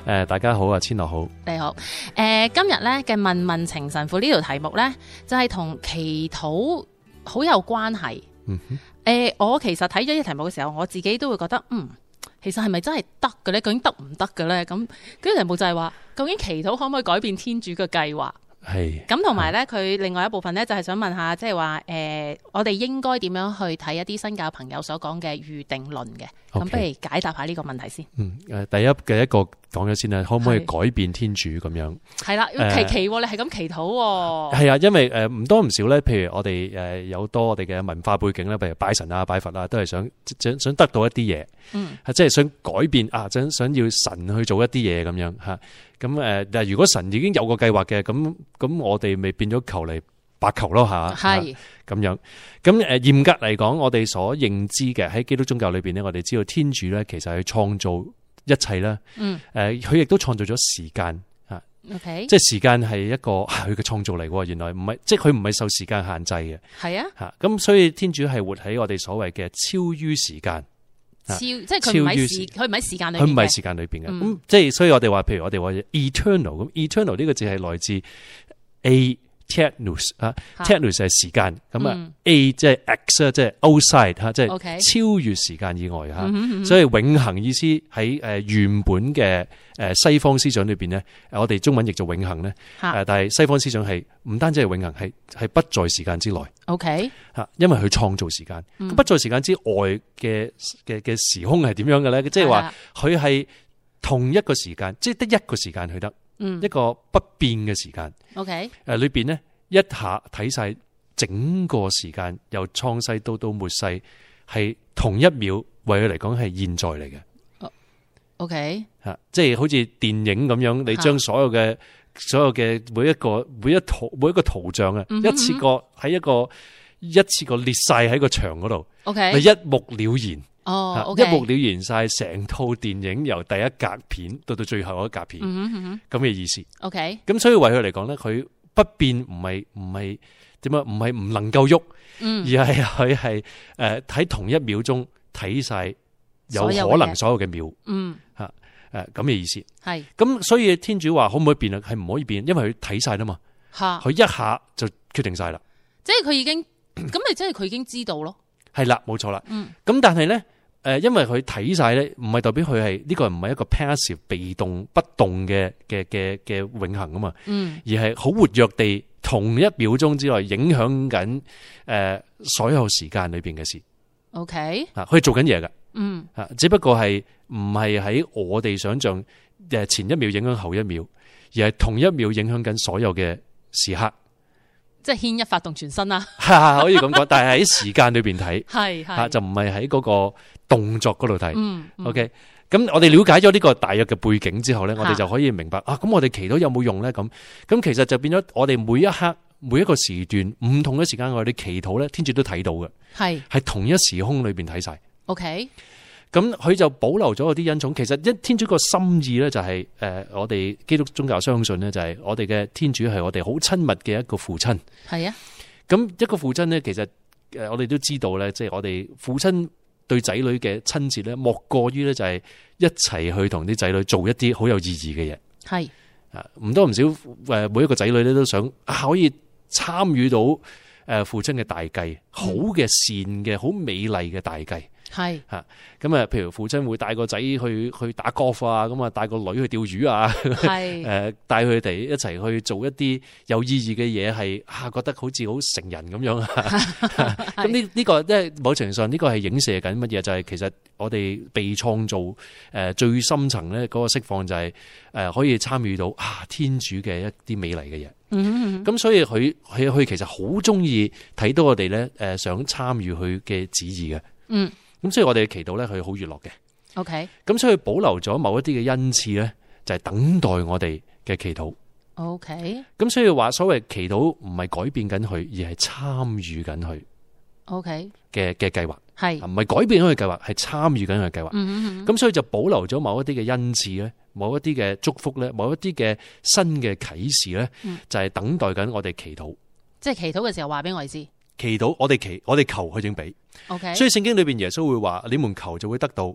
誒、呃，大家好啊，千樂好，你好。誒、呃，今日咧嘅問問情神父呢條題目咧，就係、是、同祈禱好有關係。誒、嗯哼呃，我其實睇咗呢題目嘅時候，我自己都會覺得，嗯，其實係咪真係得嘅咧？究竟得唔得嘅咧？咁呢條題目就係話，究竟祈禱可唔可以改變天主嘅計劃？係是。咁同埋咧，佢、嗯、另外一部分咧，就係想問下，即係話，誒，我哋應該點樣去睇一啲新教朋友所講嘅預定論嘅？咁，不如解答下呢個問題先。嗯，誒、嗯，第一嘅一個。講咗先啦，可唔可以改變天主咁樣？係啦，奇奇啊、祈祈你係咁祈禱。係啊、呃，因為誒唔多唔少咧，譬如我哋誒有多我哋嘅文化背景咧，譬如拜神啊、拜佛啊，都係想想想得到一啲嘢，嗯、即係想改變啊，想想要神去做一啲嘢咁樣吓。咁、呃、誒，但係如果神已經有個計劃嘅，咁咁我哋咪變咗求嚟白求咯吓。係咁樣。咁誒嚴格嚟講，我哋所認知嘅喺基督宗教裏邊咧，我哋知道天主咧其實係創造。一切啦，誒、嗯，佢亦都創造咗時間，okay，時間啊，即係時間係一個佢嘅創造嚟。原來唔係，即係佢唔係受時間限制嘅。係啊，吓咁、啊、所以天主係活喺我哋所謂嘅超於時間，超即係佢唔喺時，佢唔喺時間裏面，佢唔係時間裏邊嘅。咁、嗯嗯、即係所以我哋話，譬如我哋話、e、eternal 咁，eternal 呢個字係來自 a。t e n u s 啊 t 係時間咁啊，A 即係 x t 即係 outside 吓，即係超越時間以外吓，嗯、哼哼哼哼，所以永恒意思喺誒原本嘅誒西方思想裏邊咧，我哋中文譯做永恒咧，誒、嗯，但係西方思想係唔單止係永恒，係係不在時間之內，OK 吓，嗯、因為佢創造時間，咁不在時間之外嘅嘅嘅時空係點樣嘅咧？即係話佢係同一個時間，即係得一個時間去得。嗯，一個不變嘅時間，OK，誒裏邊咧，一下睇晒整個時間，由創世到到末世，係同一秒，為佢嚟講係現在嚟嘅，OK，嚇，即係好似電影咁樣，你將所有嘅 Yes. 所有嘅每一個每一個圖，每一個圖像啊，mm hmm. 一次過喺一個。一次過列晒喺個牆嗰度，嗱一目了然，哦，一目了然晒成套電影由第一格片到到最後一格片，咁嘅意思。咁所以為佢嚟講咧，佢不變唔係唔係點樣？唔係唔能夠喐，而係佢係誒睇同一秒鐘睇晒有可能所有嘅秒，嗯吓誒咁嘅意思。係咁所以天主話可唔可以變啊？係唔可以變，因為佢睇晒吖嘛，吓佢一下就決定晒啦。即係佢已經。咁咪真係佢已經知道咯？係啦，冇錯啦。咁但係咧，誒，因為佢睇晒咧，唔係代表佢係呢個唔係一個 passive 被動不動嘅嘅嘅嘅永恆啊嘛。嗯，而係好活躍地同一秒鐘之內影響緊誒所有時間裏邊嘅事。OK，吓佢做緊嘢噶。嗯，吓只不過係唔係喺我哋想象誒前一秒影響後一秒，而係同一秒影響緊所有嘅時刻。即係牽一髮動全身啦、啊，可以咁講，但係喺時間裏邊睇，係係就唔係喺嗰個動作嗰度睇，嗯，OK。咁我哋了解咗呢個大約嘅背景之後咧，嗯、我哋就可以明白啊。咁我哋祈禱有冇用咧？咁咁其實就變咗我哋每一刻每一個時段唔同嘅時間我哋祈禱咧，天主都睇到嘅，係係是同一時空裏邊睇晒，OK。咁佢就保留咗嗰啲恩寵。其實一天主個心意咧，就係誒，我哋基督宗教相信咧，就係我哋嘅天主係我哋好親密嘅一個父親。係啊的，咁一個父親咧，其實誒，我哋都知道咧，即係我哋父親對仔女嘅親切咧，莫過於咧就係一齊去同啲仔女做一啲好有意義嘅嘢。係啊的，唔多唔少誒，每一個仔女咧都想可以參與到誒父親嘅大計，好嘅、善嘅、好美麗嘅大計。的係吓咁啊！是譬如父親會帶個仔去去打 golf 啊，咁啊帶個女去釣魚啊，係誒帶佢哋一齊去做一啲有意義嘅嘢，係吓覺得好似好成人咁樣。咁呢呢個即係某程度上呢、呢個係影射緊乜嘢？就係、是、其實我哋被創造誒最深層咧嗰個釋放就係誒可以參與到啊天主嘅一啲美麗嘅嘢。咁、嗯嗯嗯、所以佢佢佢其實好中意睇到我哋咧誒想參與佢嘅旨意嘅。嗯。咁所以我哋嘅祈禱咧，佢好娛樂嘅。OK，咁所以保留咗某一啲嘅恩賜咧，就係、是、等待我哋嘅祈禱。OK，咁所以話所謂祈禱唔係改變緊佢，而係參與緊佢。OK 嘅嘅計劃係唔係改變咗佢計劃，係參與緊佢計劃。嗯咁、嗯嗯、所以就保留咗某一啲嘅恩賜咧，某一啲嘅祝福咧，某一啲嘅新嘅啟示咧，就係、是、等待緊我哋祈禱。嗯、即係祈禱嘅時候我，話俾我哋知。祈禱，我哋祈，我哋求佢正俾，O K，所以聖經裏邊耶穌會話：你們求就會得到，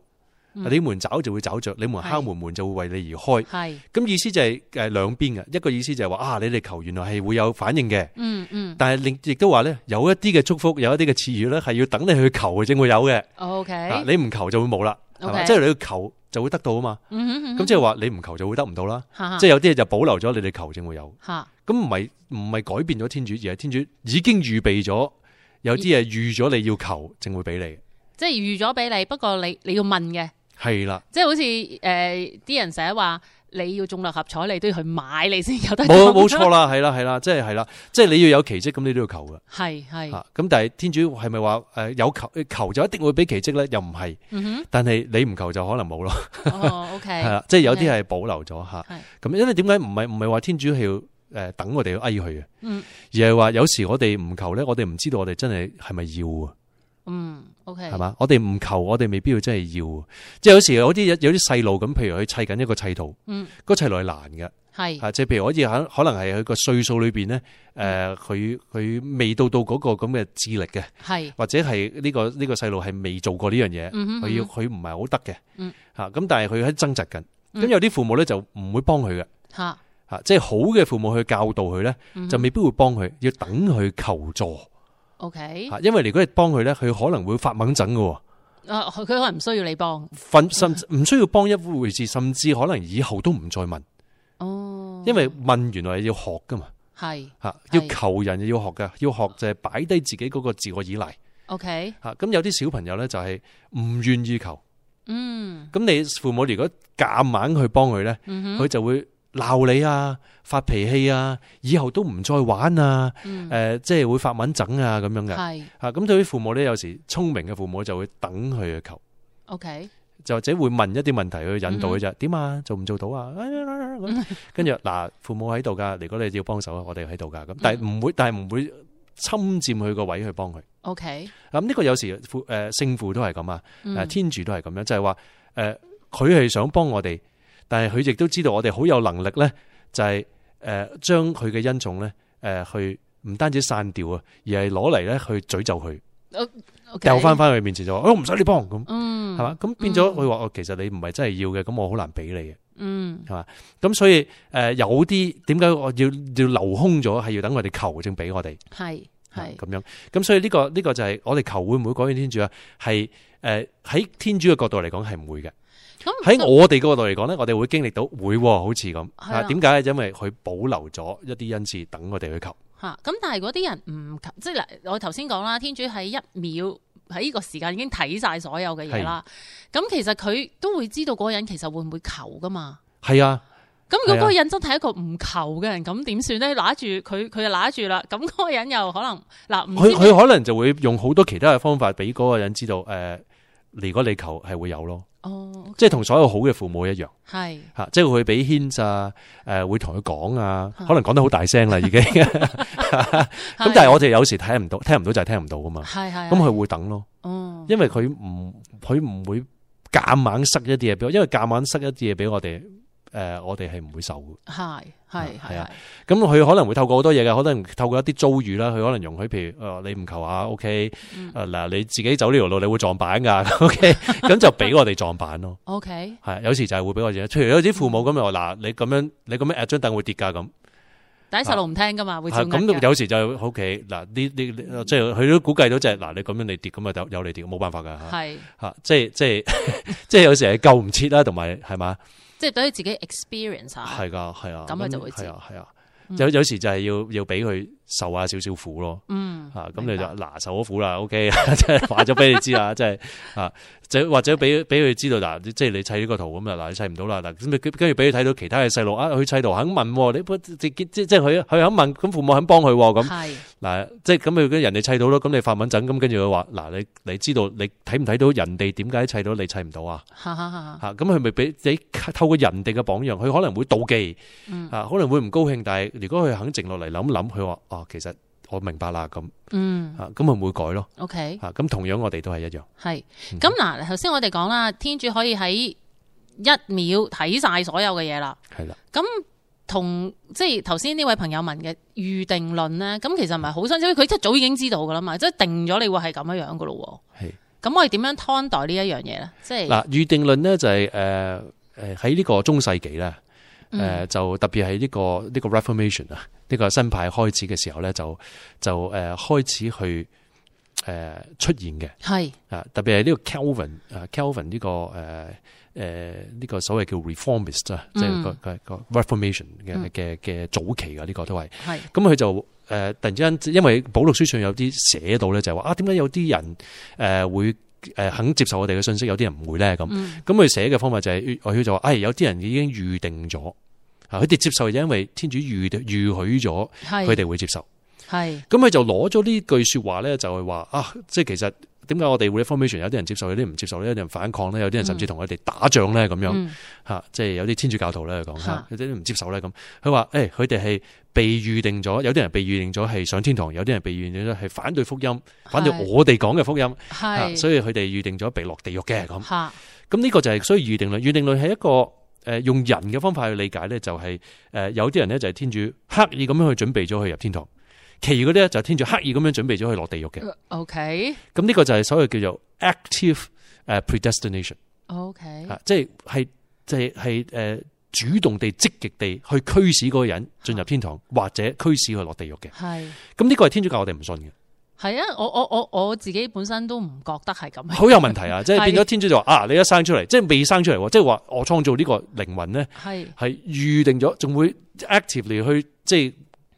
你們找就會找着，你們敲門門就會為你而開。係，咁意思就係誒兩邊嘅，一個意思就係話啊，你哋求原來係會有反應嘅，嗯嗯，但係另亦都話咧，有一啲嘅祝福，有一啲嘅賜予咧，係要等你去求，佢正會有嘅。O K，你唔求就會冇啦，即係你要求就會得到啊嘛。咁即係話你唔求就會得唔到啦，即係有啲嘢就保留咗，你哋求正會有。咁唔係唔係改變咗天主，而係天主已經預備咗有啲嘢，預咗你要求，淨會俾你。即係預咗俾你，不過你你要問嘅係啦。即係好似誒，啲人成日話你要中六合彩，你都要去買，你先有得。冇冇錯啦，係啦係啦，即係係啦，即係你要有奇蹟，咁你都要求㗎。係係。咁但係天主係咪話誒有求求就一定會俾奇蹟咧？又唔係。嗯哼。但係你唔求就可能冇咯。哦，OK。係啦，即係有啲係保留咗吓。係。咁因為點解唔係唔係話天主係要？誒，等我哋要哎佢嘅，而係話有時我哋唔求咧，我哋唔知道我哋真係係咪要啊？嗯，OK，係嘛？我哋唔求，我哋未必要真係要。即係有時有啲有啲細路咁，譬如佢砌緊一個砌圖，嗯，個砌圖係難嘅，係即係譬如好似可能係佢個歲數裏邊咧，誒，佢佢未到到嗰個咁嘅智力嘅，係或者係呢個呢個細路係未做過呢樣嘢，佢要佢唔係好得嘅，嗯，吓咁，但係佢喺掙扎緊，咁有啲父母咧就唔會幫佢嘅，吓。即係好嘅父母去教導佢咧，就未必會幫佢，mm hmm. 要等佢求助。O Okay . K，因為如果你幫佢咧，佢可能會發矇震嘅。啊，佢可能唔需要你幫， 甚至唔需要幫一回事，甚至可能以後都唔再問。哦，oh. 因為問原來係要學噶嘛，係吓，要求人要學嘅 Yes.，要學就係擺低自己嗰個自我依賴。O K，吓，咁有啲小朋友咧就係唔願意求。嗯、mm，咁、hmm. 你父母如果夾硬去幫佢咧，佢就會。鬧你啊，發脾氣啊，以後都唔再玩啊，誒，即係會發蚊疹啊，咁樣嘅。係啊，咁對於父母咧，有時聰明嘅父母就會等佢去求，O K. 就或者會問一啲問題去引導佢啫。點啊？做唔做到啊？咁跟住嗱，父母喺度噶如果你要幫手咧，我哋喺度噶咁但係唔會，但係唔會侵佔佢個位去幫佢。O K. 咁呢個有時父誒，聖父都係咁啊，天主都係咁樣，就係話誒，佢係想幫我哋。但係佢亦都知道我哋好有能力咧，就係誒將佢嘅恩寵咧，誒去唔單止散掉啊，而係攞嚟咧去詛咒佢，掉翻翻去面前就話，我唔使你幫咁，係嘛、嗯？咁變咗佢話，我、嗯、其實你唔係真係要嘅，咁我好難俾你嘅，係嘛、嗯？咁所以誒有啲點解我要要留空咗，係要等我哋求證俾我哋，係係咁樣。咁所以呢、這個呢、這個就係我哋求會唔會改變天主啊？係誒喺天主嘅角度嚟講係唔會嘅。喺、嗯、我哋嗰度嚟講咧，嗯、我哋會經歷到會、哦、好似咁，啊點解？因為佢保留咗一啲恩賜等我哋去求吓。咁、嗯、但係嗰啲人唔求即係嗱，我頭先講啦，天主喺一秒喺呢個時間已經睇晒所有嘅嘢啦。咁、啊嗯、其實佢都會知道嗰個人其實會唔會求噶嘛？係啊。咁如果嗰個人真係一個唔求嘅人，咁點算咧？拿住佢，佢就拿住啦。咁嗰個人又可能嗱，佢、啊、佢可能就會用好多其他嘅方法俾嗰個人知道，誒、呃，如果你求係會有咯。哦。哦即係同所有好嘅父母一樣，係吓是，即係會俾牽扎，誒、呃，會同佢講啊，可能講得好大聲啦，已經。咁 但係我哋有時睇唔到，聽唔到就係聽唔到啊嘛。係係。咁佢會等咯，哦，因為佢唔，佢唔會夾硬塞一啲嘢俾，因為夾硬塞一啲嘢俾我哋。誒、呃，我哋係唔會受嘅。係係係啊，咁佢、嗯、可能會透過好多嘢嘅，可能透過一啲遭遇啦，佢可能容許，譬如誒、呃，你唔求下、啊、，OK，誒嗱、嗯啊，你自己走呢條路，你會撞板噶，OK，咁 就俾我哋撞板咯。OK，係有時就係會俾我哋，譬如有啲父母咁又嗱，你咁樣，你咁樣壓張凳會跌噶咁，但係細路唔聽噶嘛，會咁樣。咁有時就 OK，嗱呢即係佢都估計到就係嗱，你咁樣你跌咁啊，有有你跌，冇辦法噶吓，係吓，即係即係即係有時係救唔切啦，同埋係嘛。即係等於自己 experience 啊，係噶係啊，咁啊就會知，係啊，係啊有有時就係要要俾佢。受下少少苦咯，um, 嗯，啊，咁你就嗱，受咗苦啦，OK，即係話咗俾你知啊，即係啊，或者俾俾佢知道嗱，即係你砌呢個圖咁啊，嗱，你砌唔到啦，嗱，咪跟住俾佢睇到其他嘅細路啊，佢砌圖肯問，你直接即即係佢佢肯問，咁父母肯幫佢咁，係，嗱，即係咁佢人哋砌到咯，咁你發緊疹，咁跟住佢話，嗱，你你知道你睇唔睇到人哋點解砌到，你砌唔到啊，吓咁佢咪俾你透過人哋嘅榜樣，佢可能會妒忌，可能會唔高興，但係如果佢肯靜落嚟諗諗，佢話。哦，其實我明白啦，咁嗯吓，咁會唔會改咯？OK 吓，咁、嗯、同樣我哋都係一樣。係咁嗱，頭先、嗯、哼我哋講啦，天主可以喺一秒睇晒所有嘅嘢啦，係啦的。咁同即係頭先呢位朋友問嘅預定論咧，咁其實唔係好新，因為佢即係早已經知道噶啦嘛，即係定咗你會係咁樣的樣噶咯。係咁，我哋點樣看待呢一樣嘢咧？即係嗱，預定論咧就係誒誒喺呢個中世紀咧。誒，嗯、就特別係呢個呢、這個 Reformation 啊，呢個新派開始嘅時候咧，就就誒開始去誒、呃、出現嘅，係啊是，特別係呢個 Calvin 誒是 Calvin 呢、這個誒誒呢個所謂叫 Reformist 啊、嗯，即係個個 Reformation 嘅嘅嘅、嗯、早期嘅呢、這個都係，係咁佢就誒突然之間，因為保祿書上有啲寫到咧，就話啊，點解有啲人誒、呃、會？誒，肯接受我哋嘅信息，有啲人唔會咧咁。咁佢寫嘅方法就係、是，我佢就話，誒，有啲人已經預定咗，啊，佢哋接受係因為天主預定、預許咗，佢哋是會接受，係是。咁佢就攞咗呢句話說話咧，就係話啊，即係其實點解我哋 information 有啲人接受，有啲唔接受咧，有啲人反抗咧，有啲人甚至同佢哋打仗咧，咁、嗯、樣吓，嗯、即係有啲天主教徒咧講吓，有啲唔接受咧咁，佢話誒，佢哋係。被預定咗，有啲人被預定咗係上天堂，有啲人被預定咗係反對福音，是反對我哋講嘅福音，係是，所以佢哋預定咗被落地獄嘅咁。咁呢是個就係、是、所以預定論，預定論係一個誒用人嘅方法去理解咧，就係、是、誒有啲人咧就係天主刻意咁樣去準備咗去入天堂，其餘嗰啲咧就係天主刻意咁樣準備咗去落地獄嘅是、嗯。OK，咁呢個就係所謂叫做 active 誒 predestination、嗯。OK，即係係即係係誒。主動地、積極地去驅使嗰個人進入天堂，啊、或者驅使佢落地獄嘅。係的。咁呢個係天主教我哋唔信嘅。係啊，我我我我自己本身都唔覺得係咁。好有問題啊！即係變咗天主就話的啊，你一生出嚟，即係未生出嚟，即係話我創造呢個靈魂咧，係係的預定咗，仲會 actively 去，即係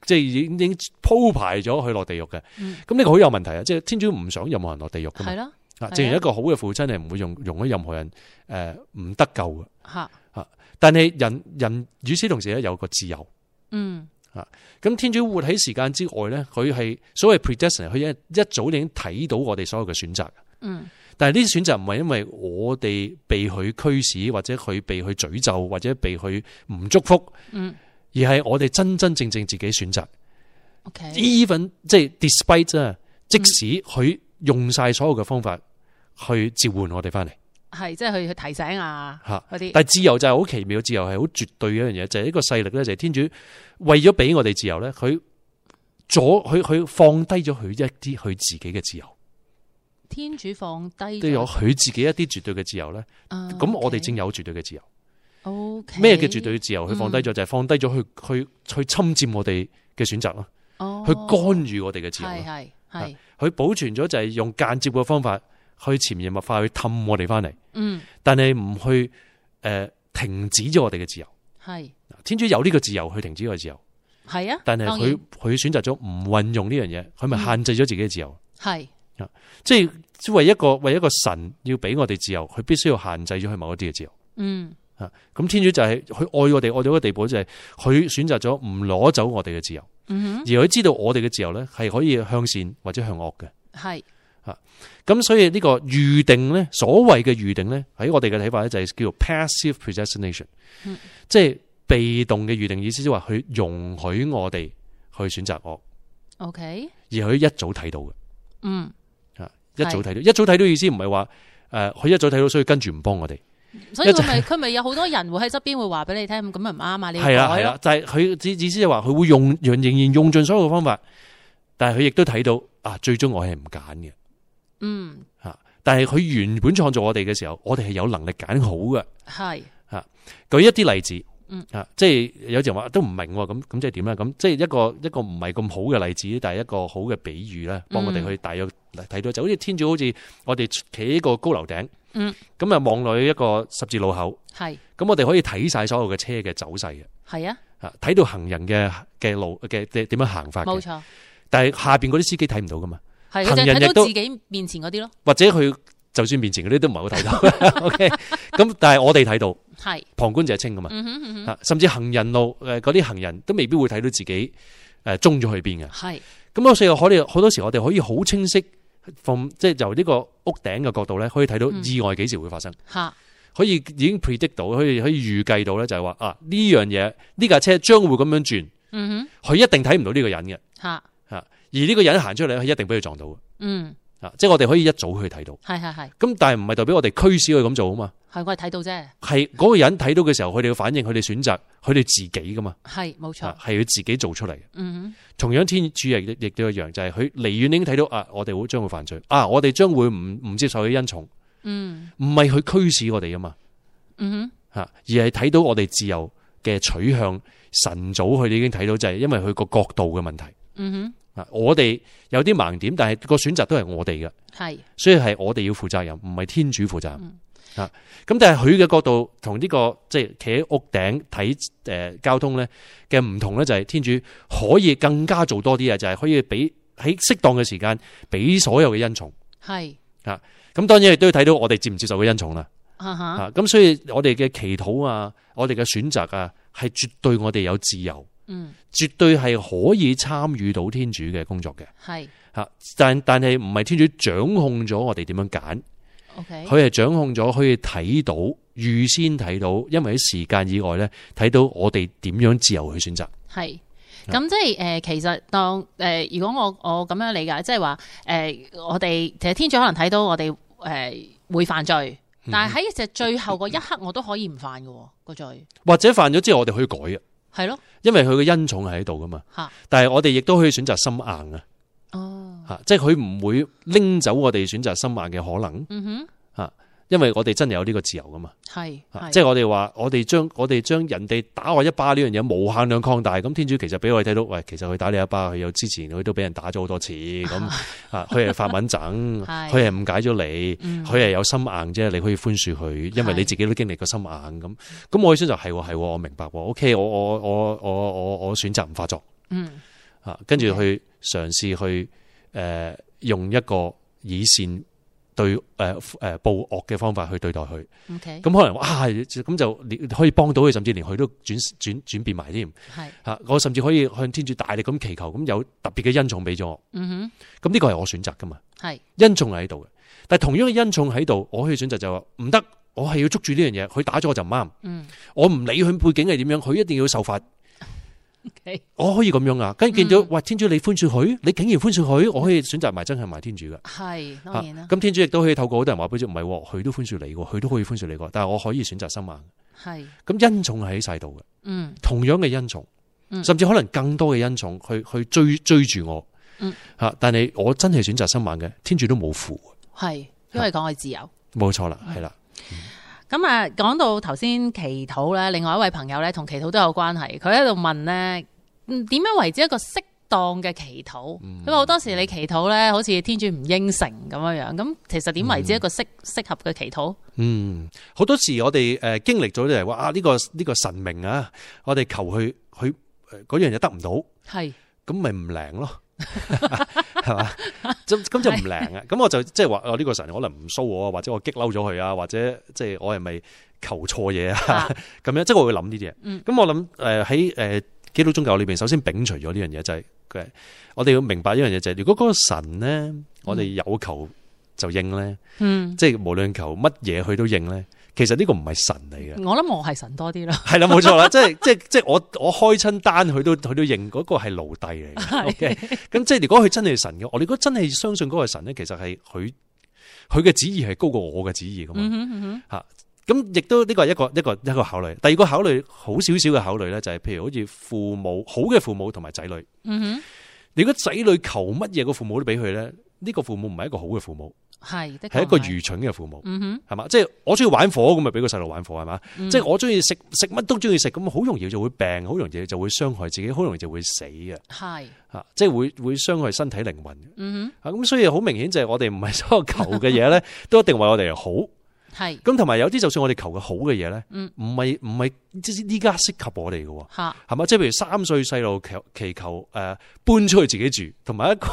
即係已經鋪排咗去落地獄嘅。咁呢、嗯、個好有問題啊！即係天主唔想任何人落地獄嘅。係啦的。啊，正如一個好嘅父親係唔會用容許任何人誒唔得救嘅。嚇的。的但係人人與此同時咧，有個自由。嗯啊，咁天主活喺時間之外咧，佢係所謂 predestinate，佢一一早已經睇到我哋所有嘅選擇。嗯，但係呢啲選擇唔係因為我哋被佢驅使，或者佢被佢詛咒，或者被佢唔祝福。嗯，而係我哋真真正正自己選擇。even、嗯、即係 despite 即使佢用晒所有嘅方法去召喚我哋翻嚟。係，即係去去提醒啊嗰啲。但係自由就係好奇妙，自由係好絕對嘅一樣嘢。就係一個勢力咧，就係天主為咗俾我哋自由咧，佢左佢佢放低咗佢一啲佢自己嘅自由。天主放低都有佢自己一啲絕對嘅自由咧。咁我哋正有絕對嘅自由。咩叫絕對嘅自由？佢放低咗就係放低咗去去去侵佔我哋嘅選擇咯。去干預我哋嘅自由。佢保存咗就係用間接嘅方法，去潛移默化去氹我哋翻嚟，嗯，但係唔去誒、呃、停止咗我哋嘅自由，係是天主有呢個自由去停止我哋自由，係啊，但係佢佢選擇咗唔運用呢樣嘢，佢咪限制咗自己嘅自由，係即係為一個為一個神要俾我哋自由，佢必須要限制咗佢某一啲嘅自由，嗯啊，咁天主就係佢愛我哋愛到個地步就係佢選擇咗唔攞走我哋嘅自由，而佢知道我哋嘅自由咧係可以向善或者向惡嘅，係。啊，咁所以呢個預定咧，所謂嘅預定咧，喺我哋嘅睇法咧，就係叫做 passive predestination，即係被動嘅預定意思，即係話佢容許我哋去選擇我。O K. 而佢一早睇到嘅，嗯，啊，一早睇到，一早睇到意思唔係話誒，佢一早睇到所以跟住唔幫我哋，所以佢咪佢咪有好多人會喺側邊會話俾你聽，咁咁唔啱啊，呢係啦係啦，就係佢意思就話佢會用仍仍然用盡所有嘅方法，但係佢亦都睇到啊，最終我係唔揀嘅。嗯，吓，但係佢原本創造我哋嘅時候，我哋係有能力揀好嘅。係吓，舉一啲例子，嗯，吓，即係有時話都唔明，咁咁即係點咧？咁即係一個一個唔係咁好嘅例子，但係一個好嘅比喻啦，幫我哋去大約嚟睇到，就好似天主好似我哋企喺個高樓頂，嗯，咁啊望落去一個十字路口，係，咁我哋可以睇晒所有嘅車嘅走勢嘅，係啊，吓睇到行人嘅嘅路嘅嘅點樣行法，冇錯，但係下邊嗰啲司機睇唔到噶嘛。係行人到自己面前嗰啲咯，或者佢就算面前嗰啲都唔係好睇到。OK，咁但係我哋睇到，係旁觀者清噶嘛。嗯哼，嗯哼，甚至行人路，誒嗰啲行人，都未必會睇到自己誒、呃、中咗去邊嘅。係咁是，我所以我哋好多時我哋可以好清晰即係由呢個屋頂嘅角度咧，可以睇到意外幾時會發生。吓、嗯，可以已經 predict 到，可以可以預計到咧，就係話啊呢、這個這個、樣嘢呢架車將會咁樣轉。佢、嗯、哼一定睇唔到呢個人嘅。吓、嗯。而呢個人行出嚟，佢一定俾佢撞到嘅。嗯，啊，即係我哋可以一早去睇到，係係係。咁但係唔係代表我哋驅使佢咁做啊？嘛，係我哋睇到啫。係嗰是是個人睇到嘅時候，佢哋嘅反應，佢哋選擇，佢哋自己噶嘛，係冇錯，係佢自己做出嚟嘅。嗯哼，同樣天主亦亦都一樣，就係佢離遠已經睇到啊，我哋會將會犯罪啊，我哋將會唔唔接受佢恩寵。嗯，唔係佢驅使我哋噶嘛。嗯哼，吓而係睇到我哋自由嘅取向，神早佢哋已經睇到就係、是、因為佢個角度嘅問題。嗯哼。嗯哼啊！我哋有啲盲點，但係個選擇都係我哋嘅，係是，所以係我哋要負責任，唔係天主負責任。吓、嗯，咁但係佢嘅角度同呢、這個即係企喺屋頂睇誒交通咧嘅唔同咧，就係天主可以更加做多啲啊，就係、是、可以俾喺適當嘅時間俾所有嘅恩寵。係是，吓、嗯，咁當然亦都要睇到我哋接唔接受嘅恩寵啦。吓、嗯，咁所以我哋嘅祈禱啊，我哋嘅選擇啊，係絕對我哋有自由。嗯，絕對係可以參與到天主嘅工作嘅，係吓，但但係唔係天主掌控咗我哋點樣揀，OK，佢係掌控咗可以睇到預先睇到，因為喺時間以外咧睇到我哋點樣自由去選擇，係、嗯、咁、嗯、即係誒、呃，其實當誒、呃，如果我我咁樣理解，即係話誒，我哋其實天主可能睇到我哋誒、呃、會犯罪，但係喺只最後嗰一刻，我都可以唔犯嘅、那個罪，嗯、或者犯咗之後，我哋可以改啊。係咯，因為佢嘅恩寵係喺度噶嘛，但係我哋亦都可以選擇心硬啊，吓、哦，即係佢唔會拎走我哋選擇心硬嘅可能，吓、嗯哼。因為我哋真係有呢個自由噶嘛，係，即係我哋話，我哋將我哋將人哋打我一巴呢樣嘢無限量擴大，咁天主其實俾我哋睇到，喂，其實佢打你一巴，佢有之前佢都俾人打咗好多次，咁啊、 嗯，佢係發猛整，佢係誤解咗你，佢係、嗯、有心硬啫，你可以寬恕佢，因為你自己都經歷過是心硬咁，咁我先就係，係我明白，OK，我我我我我我，我，我，我，我選擇唔發作，嘅嘅嗯，啊、嗯，跟住去嘗試去誒用一個以善。對誒誒，呃呃、暴惡嘅方法去對待佢，咁 Okay. 可能啊，咁就可以幫到佢，甚至連佢都轉轉轉變埋添。係吓是、啊，我甚至可以向天主大力咁祈求，咁有特別嘅恩寵俾咗我。嗯哼，咁呢個係我選擇噶嘛？係是恩寵喺度嘅，但係同樣嘅恩寵喺度，我可以選擇就話唔得，我係要捉住呢樣嘢，佢打咗我就唔啱。嗯，我唔理佢背景係點樣，佢一定要受罰。Okay. 我可以咁樣啊，跟住見到，喂，天主你寬恕佢，你竟然寬恕佢，我可以選擇埋真係埋天主嘅，係當然啦。咁、啊、天主亦都可以透過好多人話，俾你唔係，佢都寬恕你嘅，佢都可以寬恕你嘅，但係我可以選擇心硬，係是。咁恩寵係喺晒度嘅，嗯，同樣嘅恩寵，甚至可能更多嘅恩寵去去追追住我，吓、嗯啊。但係我真係選擇心硬嘅，天主都冇負，係，因為講係自由，冇錯啦，係啦。咁啊，講到頭先祈禱咧，另外一位朋友咧同祈禱都有關係。佢喺度問咧，點樣為之一個適當嘅祈禱？因為好多時你祈禱咧，好似天主唔應承咁樣樣。咁其實點為之一個適適合嘅祈禱？嗯，好多時我哋誒經歷咗啲人話啊，呢個呢個神明啊，我哋求佢佢嗰樣嘢得唔到，係咁咪唔靈咯，係嘛？咁就唔靈啊！咁我就即係話，我呢個神可能唔騷我，或者我激嬲咗佢啊，或者、就是、是是呵呵即係我係咪求錯嘢啊？咁樣即係我會諗呢啲嘢。咁、嗯、我諗誒喺誒基督宗教裏邊，首先摒除咗呢樣嘢就係佢係。我哋要明白一樣嘢就係，如果嗰個神咧，我哋有求就應咧，嗯、即係無論求乜嘢佢都應咧。其實呢個唔係神嚟嘅，我諗我係神多啲咯。係啦，冇錯啦，即係即係即係我我開親單，佢都佢都認嗰個係奴隸嚟嘅。O K，咁即係如果佢真係神嘅，我哋如果真係相信嗰個神咧，其實係佢佢嘅旨意係高過我嘅旨意㗎嘛。吓、嗯，咁、嗯嗯啊、亦都呢個一個、一個、一個、一個、一個考慮。第二個小小考慮好少少嘅考慮咧，就係、是、譬如好似父母好嘅父母同埋仔女。嗯、如果仔女求乜嘢，個父母都俾佢咧，呢個父母唔係一個好嘅父母。係，係一個愚蠢嘅父母，係嘛、嗯哼？即係我中意玩火咁咪俾個細路玩火係嘛？嗯、即係我中意食食乜都中意食，咁好容易就會病，好容易就會傷害自己，好容易就會死嘅。係啊是，即係會會傷害身體靈魂。嗯哼，咁所以好明顯就係我哋唔係所有求嘅嘢咧， 都一定為我哋好。係，咁同埋有啲就算我哋求嘅好嘅嘢咧，唔係唔係即係依家適合我哋嘅，係嘛、嗯？即係譬如三歲細路祈求誒、呃、搬出去自己住，同埋一個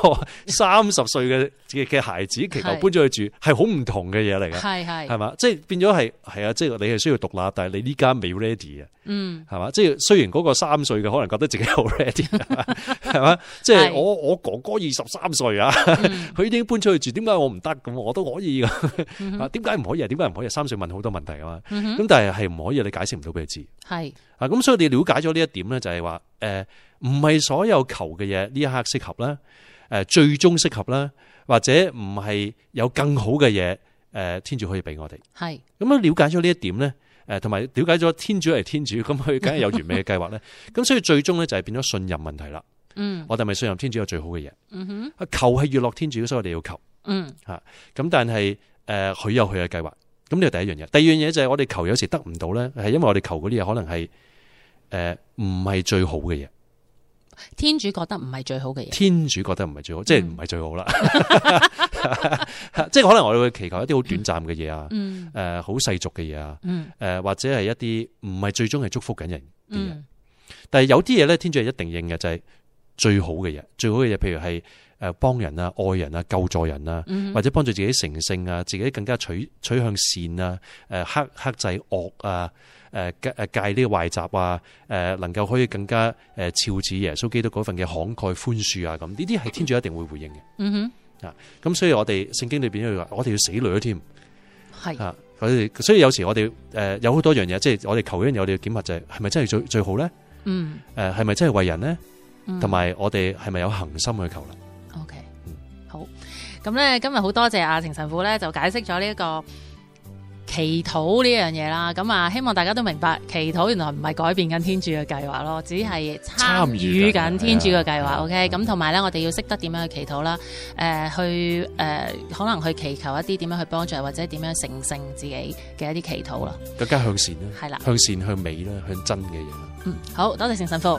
三十歲嘅嘅孩子祈求搬出去住，係好唔同嘅嘢嚟嘅，係係嘛？即係變咗係係啊！即、就、係、是、你係需要獨立，但係你呢家未 ready 啊，係嘛、嗯？即係雖然嗰個三歲嘅可能覺得自己好 ready 啊，係嘛、嗯？即係、就是、我我哥哥二十三歲啊，佢是、嗯、 已經搬出去住，點解我唔得咁？我都可以噶，點解唔可以點解？ 可以三歲問好多問題噶嘛？咁但係係唔可以，你解釋唔到俾佢知。係是的 啊，咁所以你了解咗呢一點咧，就係話誒，唔係所有求嘅嘢呢一刻適合啦，誒、呃，最終適合啦，或者唔係有更好嘅嘢誒，天主可以俾我哋。係咁樣了解咗呢一點咧，誒、呃，同埋了解咗天主係天主，咁佢梗係有完美嘅計劃咧。咁 所以最終咧就係變咗信任問題啦。嗯，我哋咪信任天主係最好嘅嘢。嗯哼，求係悅樂天主，所以我哋要求。嗯，吓咁，但係誒，佢、呃呃、有佢嘅計劃。咁呢第一樣嘢，第二樣嘢就係我哋求有時得唔到咧，係因為我哋求嗰啲嘢可能係誒唔係最好嘅嘢。天主覺得唔係最好嘅嘢。天主覺得唔係最好，即係唔係最好啦。 即係可能我哋會祈求一啲好短暫嘅嘢啊，誒、嗯，好世俗嘅嘢啊，誒、嗯呃，或者係一啲唔係最終係祝福緊人嘅嘢，嗯、但係有啲嘢咧，天主係一定認嘅，就係、是、最好嘅嘢，最好嘅嘢，譬如係。誒，幫人啊，愛人啊，救助人啊，嗯、哼或者幫助自己成聖啊，自己更加取取向善啊，誒、呃，克克制惡啊，誒、呃，戒戒呢個壞習啊，誒、呃，能夠可以更加誒，肖似耶穌基督嗰份嘅慷慨寬恕啊，咁呢啲係天主一定會回應嘅。嗯咁哼、啊、所以我哋聖經裏邊佢話，我哋要死累添，係是、啊、所以有時我哋誒、呃、有好多樣嘢，即係我哋求嘅樣，我哋要檢核就係、是，係咪真係最最好咧？嗯，誒、啊，係咪真係爲人呢？同埋我哋係咪有恆心去求咁咧今日好多謝阿誠神父咧，就解釋咗呢一個祈禱呢樣嘢啦。咁啊，希望大家都明白祈禱原來唔係改變緊天主嘅計劃咯，只係參與緊天主嘅計劃。O K，咁同埋咧，我哋要識得點樣去祈禱啦。誒、呃，去誒、呃，可能去祈求一啲點樣去幫助，或者點樣成聖自己嘅一啲祈禱啦。更加、嗯、向善啦，係啦的，向善向美啦，向真嘅嘢啦。嗯，好多謝誠神父。